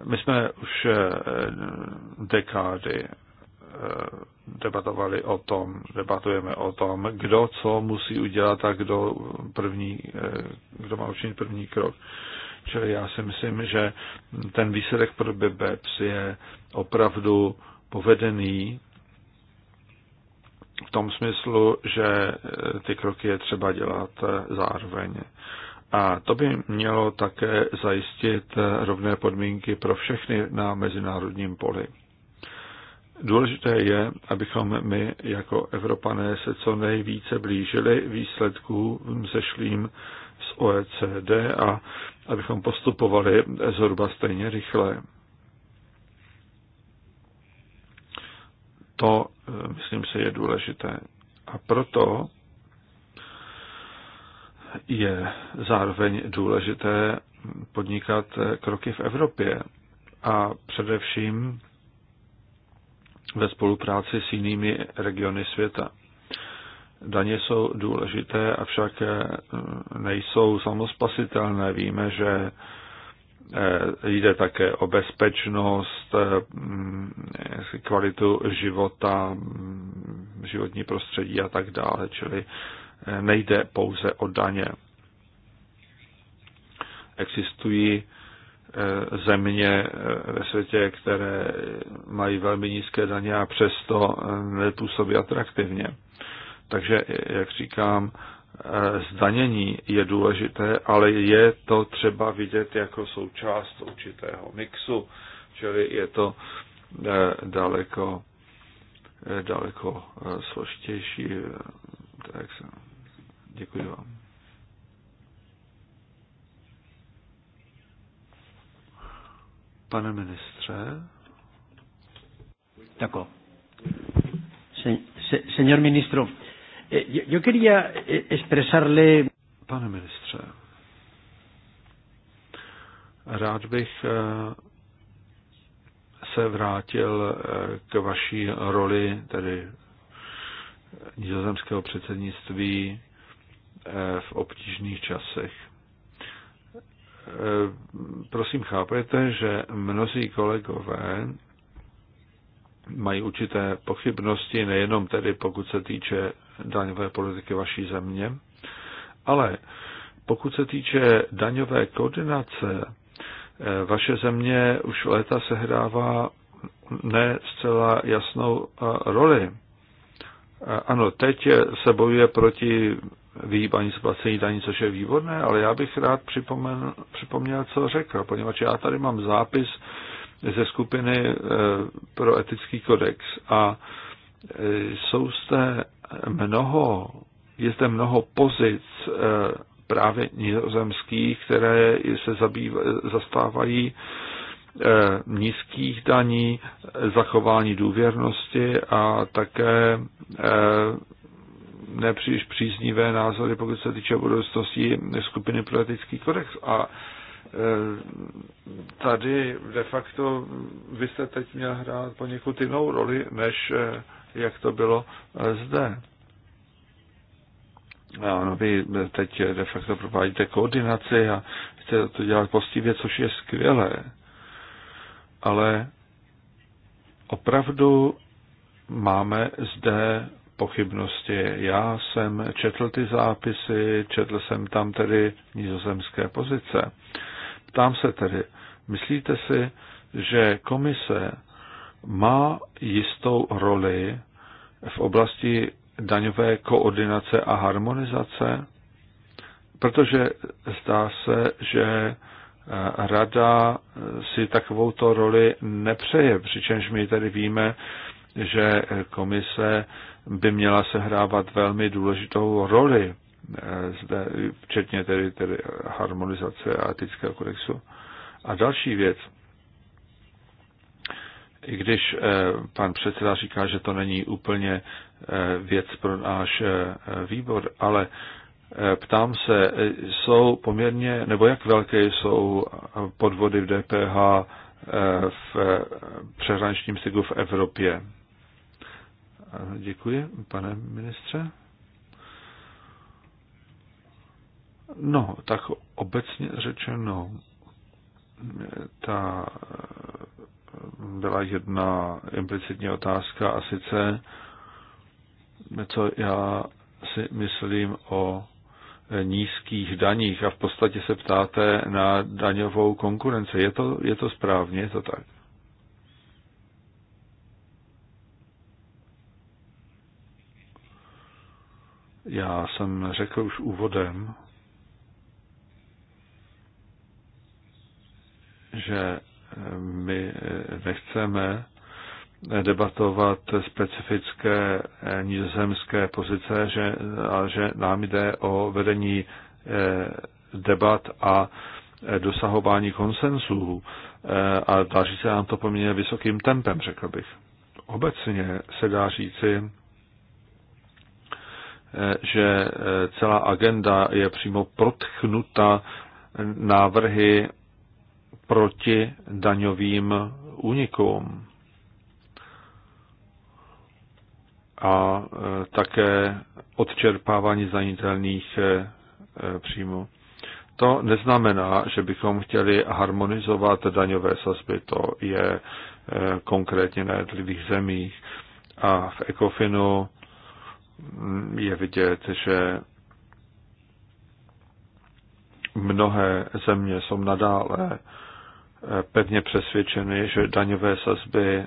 My jsme už eh, dekády eh, debatovali o tom, debatujeme o tom, kdo co musí udělat a kdo, první, kdo má učinit první krok. Čili já si myslím, že ten výsledek pro BEPS je opravdu povedený v tom smyslu, že eh, ty kroky je třeba dělat eh, zároveň. A to by mělo také zajistit eh, rovné podmínky pro všechny na mezinárodním poli. Důležité je, abychom my jako Evropané se co nejvíce blížili výsledkům zešlým z OECD a abychom postupovali zhruba stejně rychle. To, eh, myslím si, je důležité. A proto je zároveň důležité podnikat eh, kroky v Evropě a především ve spolupráci s jinými regiony světa. Daně jsou důležité, avšak eh, nejsou samospasitelné. Víme, že Eh, jde také o bezpečnost, eh, mm, kvalitu života, mm, životní prostředí a tak dále, čili eh, nejde pouze o daně. Existují země ve světě, které mají velmi nízké daně a přesto nepůsobí atraktivně. Takže, jak říkám, zdanění je důležité, ale je to třeba vidět jako součást určitého mixu, čili je to eh, daleko, eh, daleko eh, složitější. Tak, děkuji vám. Pane ministře. Tako. Se, se, senior ministro, Eh, yo quería eh, expresarle... Pane ministře, rád bych eh, se vrátil k vaší roli, tedy nizozemského předsednictví v obtížných časech. Prosím, chápete, že mnozí kolegové mají určité pochybnosti, nejenom tedy pokud se týče daňové politiky vaší země. Ale pokud se týče daňové koordinace, eh, vaše země už léta sehrává ne zcela jasnou eh, roli. Eh, ano, teď se bojuje proti vyhýbání splacení daní, což je výborné, ale já bych rád připomen, připomněl, co řekl, poněvadž já tady mám zápis ze skupiny pro etický kodex a jsou zde mnoho, je zde mnoho pozic eh, právě nizozemských, které se zabýv, zastávají eh, nízkých daní, zachování důvěrnosti a také eh, nepříliš příznivé názory, pokud se týče budoucnosti skupiny politický kodex. A tady de facto vy jste teď měl hrát poněkud jinou roli, než jak to bylo eh, zde. Ano, vy eh, teď de facto provádíte koordinaci a chcete to dělat postivě, což je skvělé. Ale opravdu máme zde pochybnosti. Já jsem četl ty zápisy, četl jsem tam tedy nizozemské pozice. Ptám se tedy, myslíte si, že komise má jistou roli v oblasti daňové koordinace a harmonizace, protože zdá se, že eh, rada eh, si takovouto roli nepřeje, přičemž my tady víme, že eh, komise by měla sehrávat velmi důležitou roli, zde, včetně tedy, tedy harmonizace a etického kodexu. A další věc, i když eh, pan předseda říká, že to není úplně eh, věc pro náš eh, výbor, ale ptám se, jsou poměrně, nebo jak velké jsou podvody v DPH v přeshraničním styku v Evropě? Děkuji, pane ministře. No, tak obecně řečeno, ta byla jedna implicitní otázka a sice, co já si myslím o nízkých daních a v podstatě se ptáte na daňovou konkurenci. Je to, je to správně, je to tak? Já jsem řekl už úvodem, že my nechceme debatovat specifické nizozemské pozice, že, ale že nám jde o vedení eh, debat a eh, dosahování konsensů eh, a daří se nám to poměrně vysokým tempem, řekl bych. Obecně se dá říci, že celá agenda je přímo protchnuta návrhy proti daňovým únikům. A e, také odčerpávání zanitelných e, e, příjmů. To neznamená, že bychom chtěli harmonizovat daňové sazby, to je konkrétně na jednotlivých zemích. A v ECOFINu mm, je vidět, že mnohé země jsou nadále pevně přesvědčeny, že daňové sazby eh,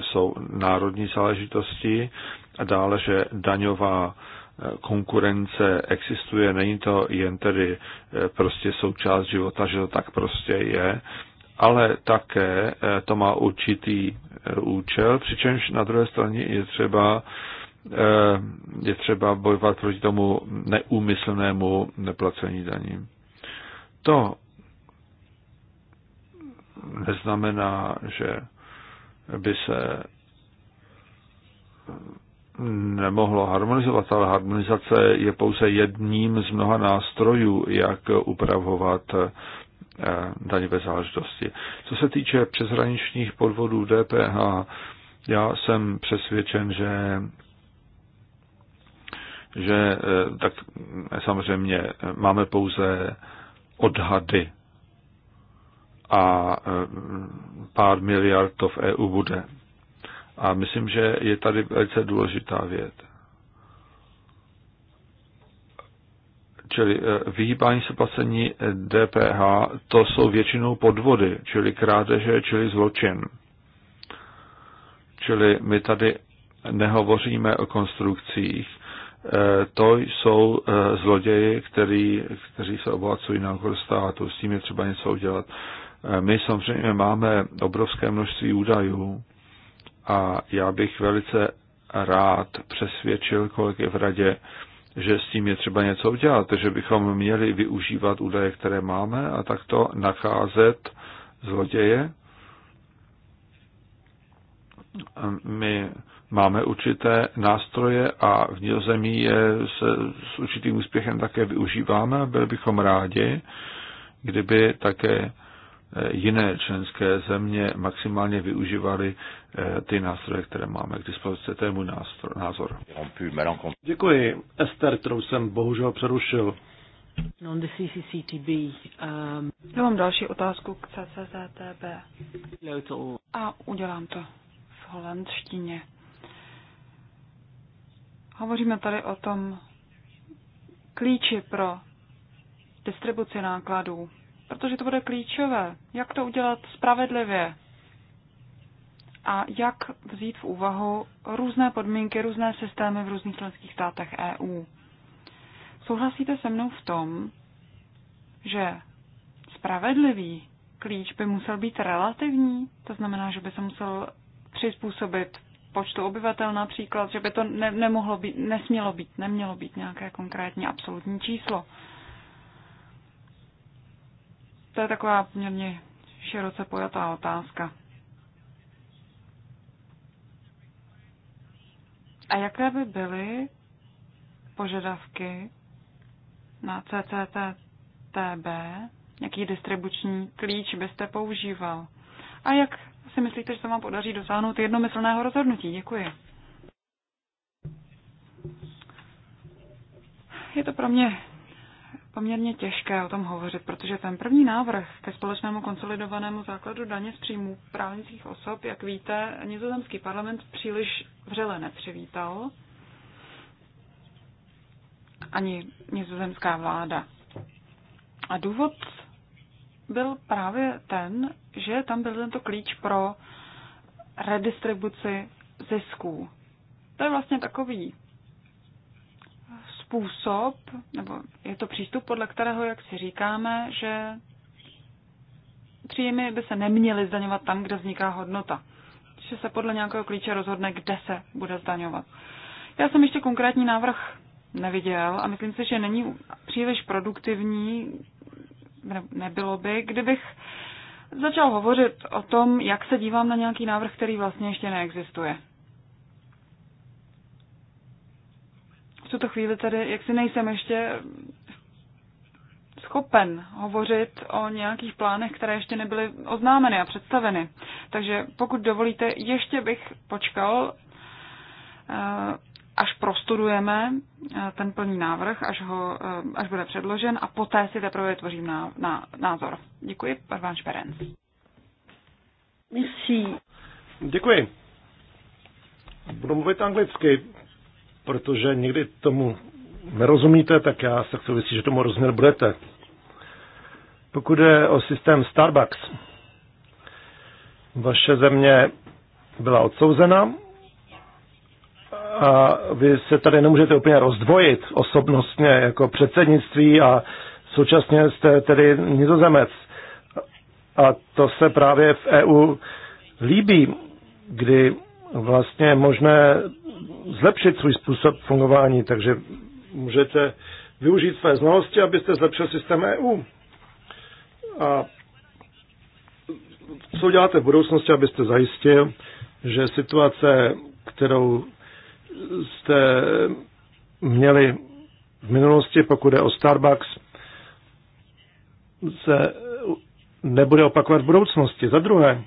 jsou národní záležitostí a dále, že daňová eh, konkurence existuje, není to jen tedy eh, prostě součást života, že to tak prostě je, ale také to má určitý účel, přičemž na druhé straně je třeba je třeba bojovat proti tomu neúmyslnému neplacení daní. To, neznamená, že by se nemohlo harmonizovat, ale harmonizace je pouze jedním z mnoha nástrojů, jak upravovat eh, daňové záležitosti. Co se týče přeshraničních podvodů DPH, já jsem přesvědčen, že že eh, tak samozřejmě máme pouze odhady a e, pár miliard to v EU bude. A myslím, že je tady velice důležitá věc. Čili e, vyhýbání se placení DPH, to jsou většinou podvody, čili krádeže, čili zločin. Čili my tady nehovoříme o konstrukcích, e, to jsou zloději, který, kteří se obohacují na okol státu. S tím je třeba něco udělat. My samozřejmě máme obrovské množství údajů a já bych velice rád přesvědčil kolegy v radě, že s tím je třeba něco udělat, že bychom měli využívat údaje, které máme a takto nacházet zloděje. My máme určité nástroje a v zemí je se s určitým úspěchem také využíváme a byli bychom rádi, kdyby také jiné členské země maximálně využívaly eh, ty nástroje, které máme k dispozici. To je můj názor. Děkuji, Ester, kterou jsem bohužel přerušil. Um, Já mám další otázku k CCZTB. A udělám to v holandštině. Hovoříme tady o tom klíči pro distribuci nákladů protože to bude klíčové. Jak to udělat spravedlivě a jak vzít v úvahu různé podmínky, různé systémy v různých členských státech EU. Souhlasíte se mnou v tom, že spravedlivý klíč by musel být relativní, to znamená, že by se musel přizpůsobit počtu obyvatel například, že by to ne, nemohlo být, nesmělo být, nemělo být nějaké konkrétní absolutní číslo. To je taková poměrně široce pojatá otázka. A jaké by byly požadavky na CCTB, jaký distribuční klíč byste používal a jak si myslíte, že se vám podaří dosáhnout jednomyslného rozhodnutí? Děkuji. Je to pro mě poměrně těžké o tom hovořit, protože ten první návrh ke společnému konsolidovanému základu daně z příjmů právnických osob, jak víte, nizozemský parlament příliš vřele nepřivítal ani nizozemská vláda. A důvod byl právě ten, že tam byl tento klíč pro redistribuci zisků. To je vlastně takový způsob, nebo je to přístup, podle kterého, jak si říkáme, že příjmy by se neměly zdaňovat tam, kde vzniká hodnota. Že se podle nějakého klíče rozhodne, kde se bude zdaňovat. Já jsem ještě konkrétní návrh neviděl a myslím si, že není příliš produktivní, nebylo by, kdybych začal hovořit o tom, jak se dívám na nějaký návrh, který vlastně ještě neexistuje. tuto chvíli tady jaksi nejsem ještě schopen hovořit o nějakých plánech, které ještě nebyly oznámeny a představeny. Takže pokud dovolíte, ještě bych počkal, eh, až prostudujeme eh, ten plný návrh, až, ho, eh, až bude předložen a poté si teprve tvořím na, na, názor. Děkuji, Parvan Šperenc. Děkuji. Budu mluvit anglicky protože někdy tomu nerozumíte, tak já se chci věcí, že tomu rozumět budete. Pokud je o systém Starbucks, vaše země byla odsouzena a vy se tady nemůžete úplně rozdvojit osobnostně jako předsednictví a současně jste tedy nizozemec. A to se právě v EU líbí, kdy vlastně možné zlepšit svůj způsob fungování, takže můžete využít své znalosti, abyste zlepšil systém EU. A co děláte v budoucnosti, abyste zajistil, že situace, kterou jste měli v minulosti, pokud je o Starbucks, se nebude opakovat v budoucnosti. Za druhé,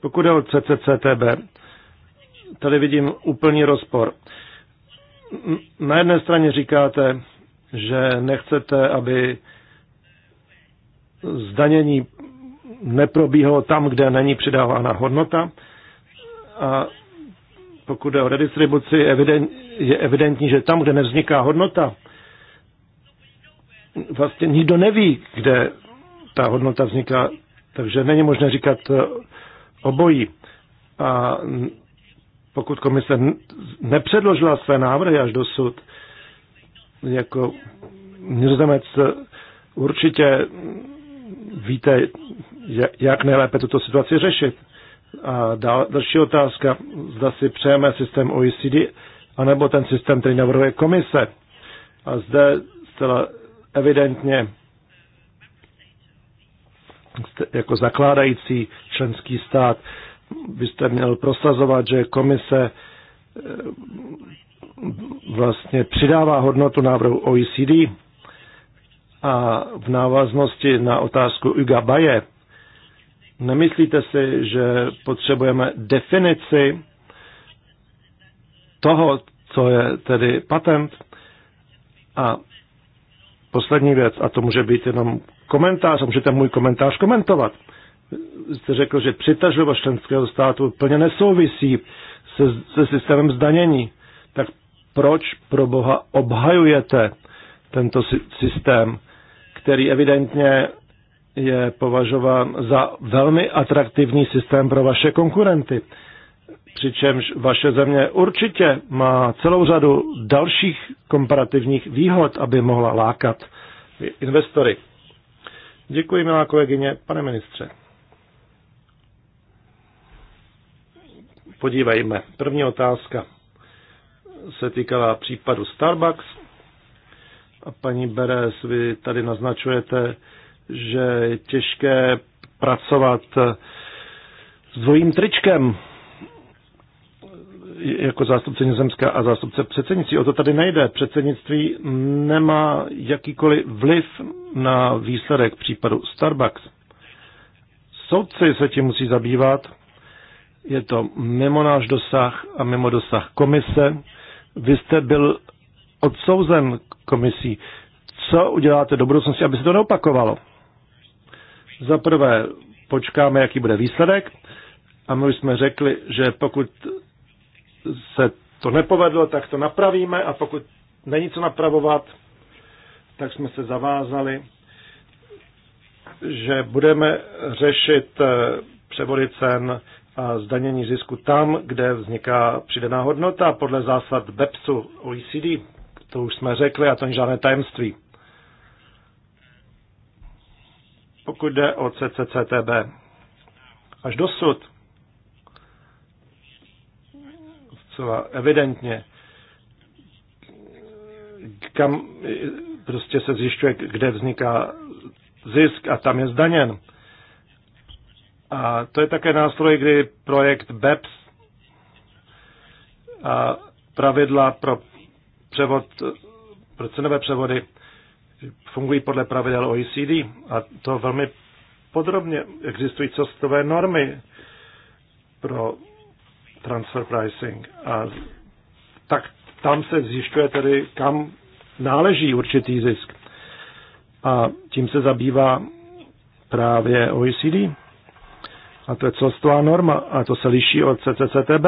pokud je o CCCTB, tady vidím úplný rozpor. Na jedné straně říkáte, že nechcete, aby zdanění neprobíhalo tam, kde není přidávána hodnota. A pokud je o redistribuci, je evidentní, že tam, kde nevzniká hodnota, vlastně nikdo neví, kde ta hodnota vzniká, takže není možné říkat eh, obojí. A pokud komise nepředložila své návrhy až dosud, jako nizozemec určitě víte, jak nejlépe tuto situaci řešit. A další otázka, zda si přejeme systém OECD, anebo ten systém, který navrhuje komise. A zde zcela evidentně jako zakládající členský stát byste měl prosazovat, že komise eh, vlastně přidává hodnotu návrhu OECD a v návaznosti na otázku Uga Baje, nemyslíte si, že potřebujeme definici toho, co je tedy patent? A poslední věc, a to může být jenom komentář, a můžete můj komentář komentovat jste řekl, že přitažlivost členského státu plně nesouvisí se, se systémem zdanění. Tak proč pro Boha obhajujete tento systém, který evidentně je považován za velmi atraktivní systém pro vaše konkurenty. Přičemž vaše země určitě má celou řadu dalších komparativních výhod, aby mohla lákat investory. Děkuji, milá kolegyně, pane ministře. podívejme. První otázka se týkala případu Starbucks. A paní Beres, vy tady naznačujete, že je těžké pracovat s dvojím tričkem jako zástupce Nizozemska a zástupce předsednictví. O to tady nejde. Předsednictví nemá jakýkoliv vliv na výsledek případu Starbucks. Soudci se tím musí zabývat je to mimo náš dosah a mimo dosah komise. Vy jste byl odsouzen komisí. Co uděláte do budoucnosti, aby se to neopakovalo? Za prvé, počkáme, jaký bude výsledek. A my už jsme řekli, že pokud se to nepovedlo, tak to napravíme a pokud není co napravovat, tak jsme se zavázali, že budeme řešit eh, převody cen a zdanění zisku tam, kde vzniká přidaná hodnota podle zásad BEPSu OECD. To už jsme řekli a to není žádné tajemství. Pokud jde o CCCTB, až dosud zcela evidentně, kam prostě se zjišťuje, kde vzniká zisk a tam je zdaněn. A to je také nástroj, kdy projekt BEPS a pravidla pro převod, pro cenové převody fungují podle pravidel OECD a to velmi podrobně. Existují cestové normy pro transfer pricing a tak tam se zjišťuje tedy, kam náleží určitý zisk. A tím se zabývá právě OECD. A to je celostová norma a to se liší od CCCTB.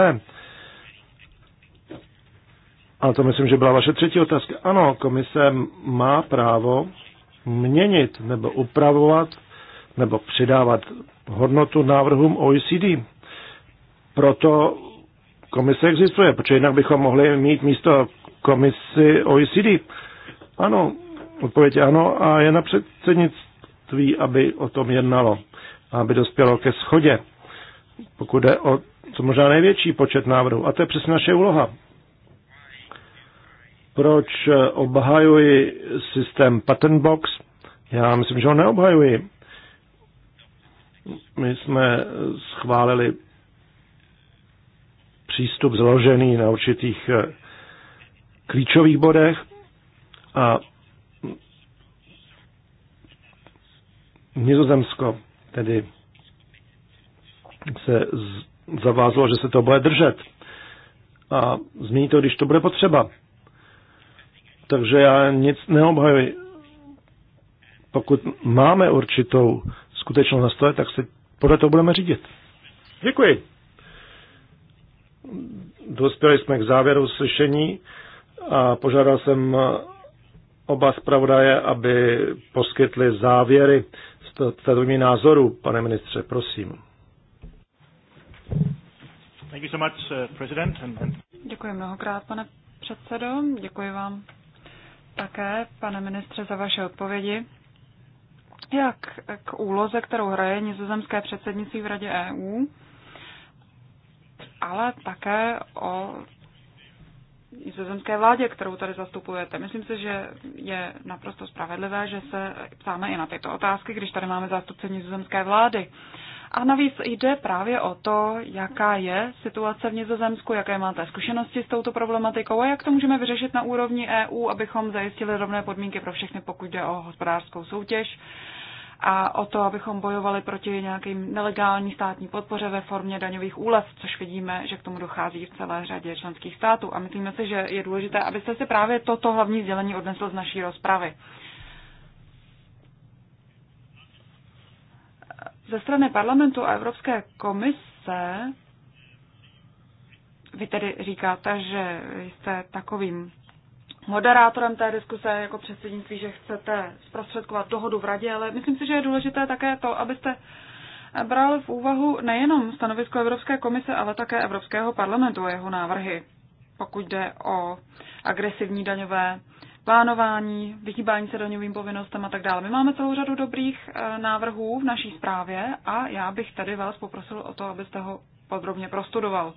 A to myslím, že byla vaše třetí otázka. Ano, komise má právo měnit nebo upravovat nebo přidávat hodnotu návrhům OECD. Proto komise existuje, protože jinak bychom mohli mít místo komisi OECD. Ano, odpověď ano a je na předsednictví, aby o tom jednalo aby dospělo ke schodě, pokud jde o co možná největší počet návrhů. A to je přesně naše úloha. Proč eh, obhajuji systém Patent Box? Já myslím, že ho neobhajuji. My jsme eh, schválili přístup založený na určitých eh, klíčových bodech a Nizozemsko tedy se zavázalo, že se to bude držet. A změní to, když to bude potřeba. Takže já nic neobhajuji. Pokud máme určitou skutečnou na stole, tak se podle toho budeme řídit. Děkuji. Dospěli jsme k závěru slyšení a požádal jsem oba zpravodaje, aby poskytli závěry této mě názoru, pane ministře, prosím. Thank you so much, uh, President. Děkuji mnohokrát, pane předsedo. Děkuji vám také, pane ministře, za vaše odpovědi. Jak k úloze, kterou hraje nizozemské předsednictví v Radě EU, ale také o nizozemské vládě, kterou tady zastupujete. Myslím si, že je naprosto spravedlivé, že se ptáme i na tyto otázky, když tady máme zástupce nizozemské vlády. A navíc jde právě o to, jaká je situace v Nizozemsku, jaké máte zkušenosti s touto problematikou a jak to můžeme vyřešit na úrovni EU, abychom zajistili rovné podmínky pro všechny, pokud jde o hospodářskou soutěž a o to, abychom bojovali proti nějakým nelegální státní podpoře ve formě daňových úlev, což vidíme, že k tomu dochází v celé řadě členských států. A myslíme si, že je důležité, abyste si právě toto hlavní sdělení odnesl z naší rozpravy. Ze strany parlamentu a Evropské komise vy tedy říkáte, že jste takovým moderátorem té diskuse jako předsednictví, že chcete zprostředkovat dohodu v radě, ale myslím si, že je důležité také to, abyste bral v úvahu nejenom stanovisko Evropské komise, ale také Evropského parlamentu a jeho návrhy, pokud jde o agresivní daňové plánování, vyhýbání se daňovým povinnostem a tak dále. My máme celou řadu dobrých eh, návrhů v naší zprávě a já bych tady vás poprosil o to, abyste ho podrobně prostudoval.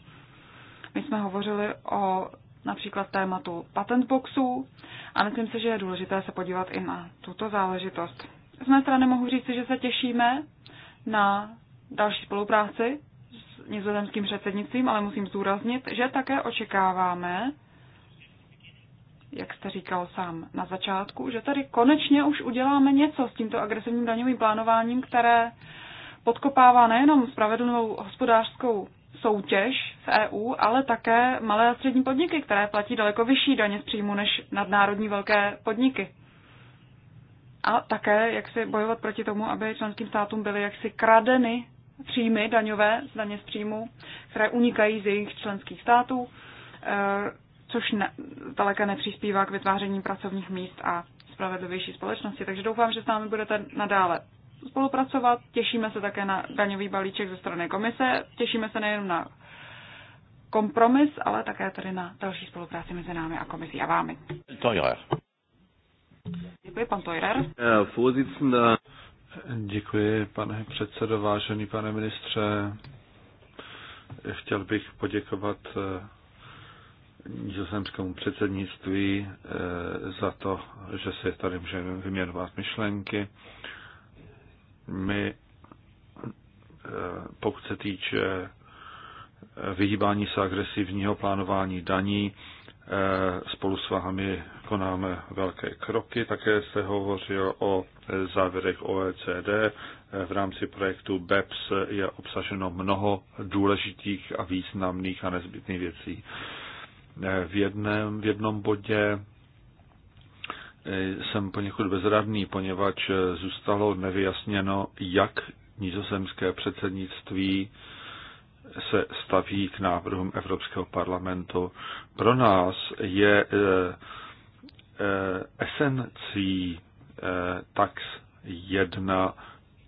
My jsme hovořili o například tématu patent boxů a myslím si, že je důležité se podívat i na tuto záležitost. Z mé strany mohu říct, že se těšíme na další spolupráci s nizozemským předsednictvím, ale musím zdůraznit, že také očekáváme, jak jste říkal sám na začátku, že tady konečně už uděláme něco s tímto agresivním daňovým plánováním, které podkopává nejenom spravedlnou hospodářskou soutěž v EU, ale také malé a střední podniky, které platí daleko vyšší daně z příjmu než nadnárodní velké podniky. A také, jak si bojovat proti tomu, aby členským státům byly jaksi kradeny příjmy daňové z daně z příjmu, které unikají z jejich členských států, e, což ne, daleka nepřispívá k vytváření pracovních míst a spravedlivější společnosti. Takže doufám, že s námi budete nadále spolupracovat. Těšíme se také na daňový balíček ze strany komise. Těšíme se nejen na kompromis, ale také tady na další spolupráci mezi námi a komisí a vámi. Teurer. Děkuji, pan Teurer. Eh, eh, Děkuji, pane předsedo, vážený pane ministře. Chtěl bych poděkovat eh, nizozemskému předsednictví za to, že si tady můžeme vyměnovat myšlenky. My, eh, pokud se týče eh, vyhýbání se agresivního plánování daní, eh, spolu s vámi konáme velké kroky. Také se hovořil o závěrech OECD. V rámci projektu BEPS je obsaženo mnoho důležitých a významných a nezbytných věcí. V, jedném, v jednom bodě jsem poněkud bezradný, poněvadž zůstalo nevyjasněno, jak nizozemské předsednictví se staví k návrhům Evropského parlamentu. Pro nás je eh, eh, esencí eh, tax 1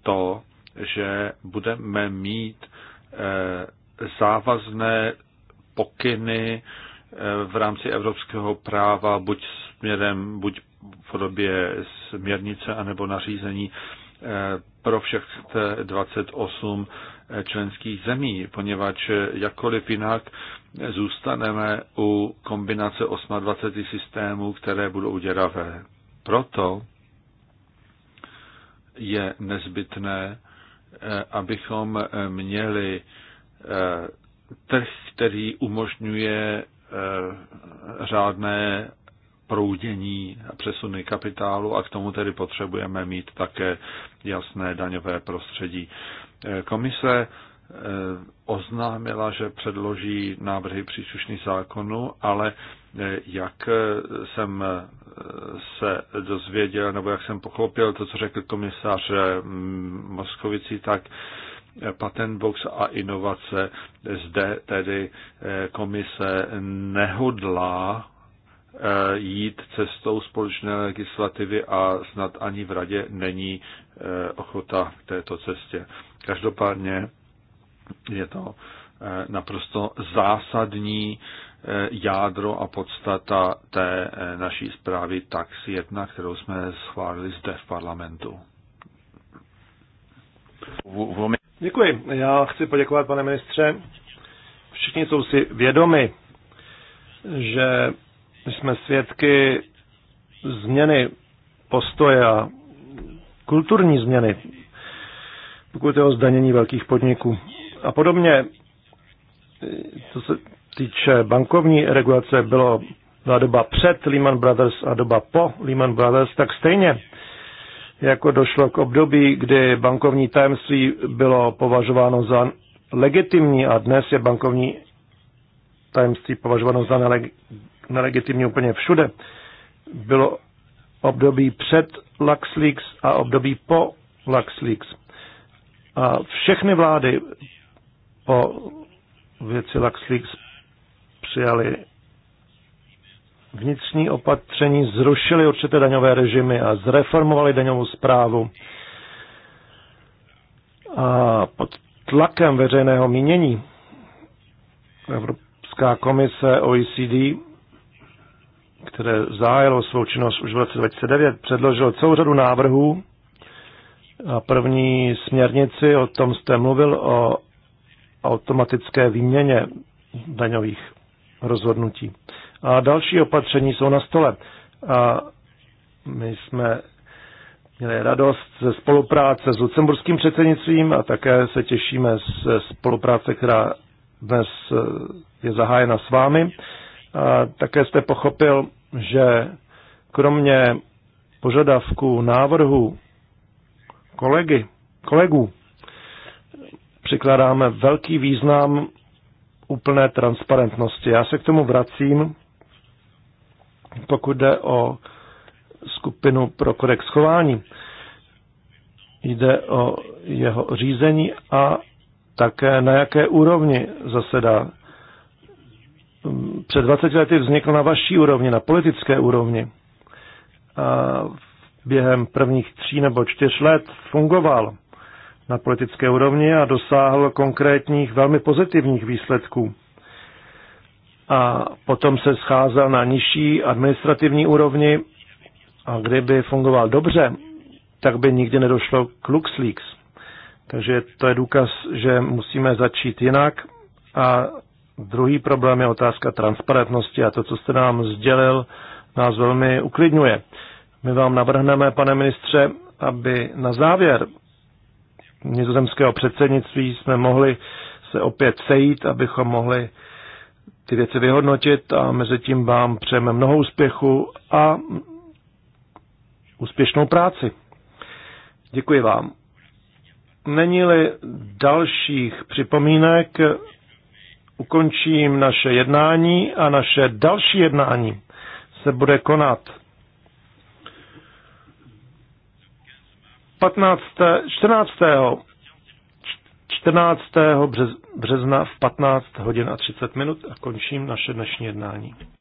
to, že budeme mít závazné pokyny v rámci evropského práva, buď směrem, buď v podobě směrnice anebo nařízení eh, pro všech 28 eh, členských zemí, poněvadž eh, jakkoliv jinak zůstaneme u kombinace 28 systémů, které budou děravé. Proto je nezbytné, abychom měli trh, který umožňuje řádné proudění a přesuny kapitálu a k tomu tedy potřebujeme mít také jasné daňové prostředí. Eh, komise eh, oznámila, že předloží návrhy příslušných zákonů, ale eh, jak jsem se dozvěděl, nebo jak jsem pochopil to, co řekl komisař Moskovici, tak patentbox a inovace zde tedy komise nehodlá Eh, jít cestou společné legislativy a snad ani v radě není eh, ochota k této cestě. Každopádně je to eh, naprosto zásadní jádro a podstata té naší zprávy TAX jedna, kterou jsme schválili zde v parlamentu. Děkuji. Já chci poděkovat, pane ministře. Všichni jsou si vědomi, že jsme svědky změny postoje a kulturní změny, pokud je o zdanění velkých podniků. A podobně, co se týče bankovní regulace, bylo, byla doba před Lehman Brothers a doba po Lehman Brothers, tak stejně jako došlo k období, kdy bankovní tajemství bylo považováno za legitimní a dnes je bankovní tajemství považováno za nelegitimní úplně všude. Bylo období před LuxLeaks a období po LuxLeaks. A všechny vlády po věci LuxLeaks přijali vnitřní opatření, zrušili určité daňové režimy a zreformovali daňovou zprávu. A pod tlakem veřejného mínění Evropská komise OECD které zahájilo svou činnost už v roce 2009, předložilo celou řadu návrhů. A první směrnici, o tom jste mluvil, o automatické výměně daňových rozhodnutí. A další opatření jsou na stole. A my jsme měli radost ze spolupráce s lucemburským předsednictvím a také se těšíme ze spolupráce, která dnes je zahájena s vámi. A také jste pochopil, že kromě požadavků návrhu kolegy, kolegů přikládáme velký význam úplné transparentnosti. Já se k tomu vracím, pokud jde o skupinu pro kodex chování. Jde o jeho řízení a také na jaké úrovni zasedá před 20 lety vznikl na vaší úrovni, na politické úrovni. A během prvních tří nebo čtyř let fungoval na politické úrovni a dosáhl konkrétních velmi pozitivních výsledků. A potom se scházel na nižší administrativní úrovni a kdyby fungoval dobře, tak by nikdy nedošlo k LuxLeaks. Takže to je důkaz, že musíme začít jinak a Druhý problém je otázka transparentnosti a to, co jste nám sdělil, nás velmi uklidňuje. My vám navrhneme, pane ministře, aby na závěr nizozemského předsednictví jsme mohli se opět sejít, abychom mohli ty věci vyhodnotit a mezi tím vám přejeme mnoho úspěchu a úspěšnou práci. Děkuji vám. Není-li dalších připomínek, ukončím naše jednání a naše další jednání se bude konat 15. 14. 14. března v 15 hodin a 30 minut a končím naše dnešní jednání.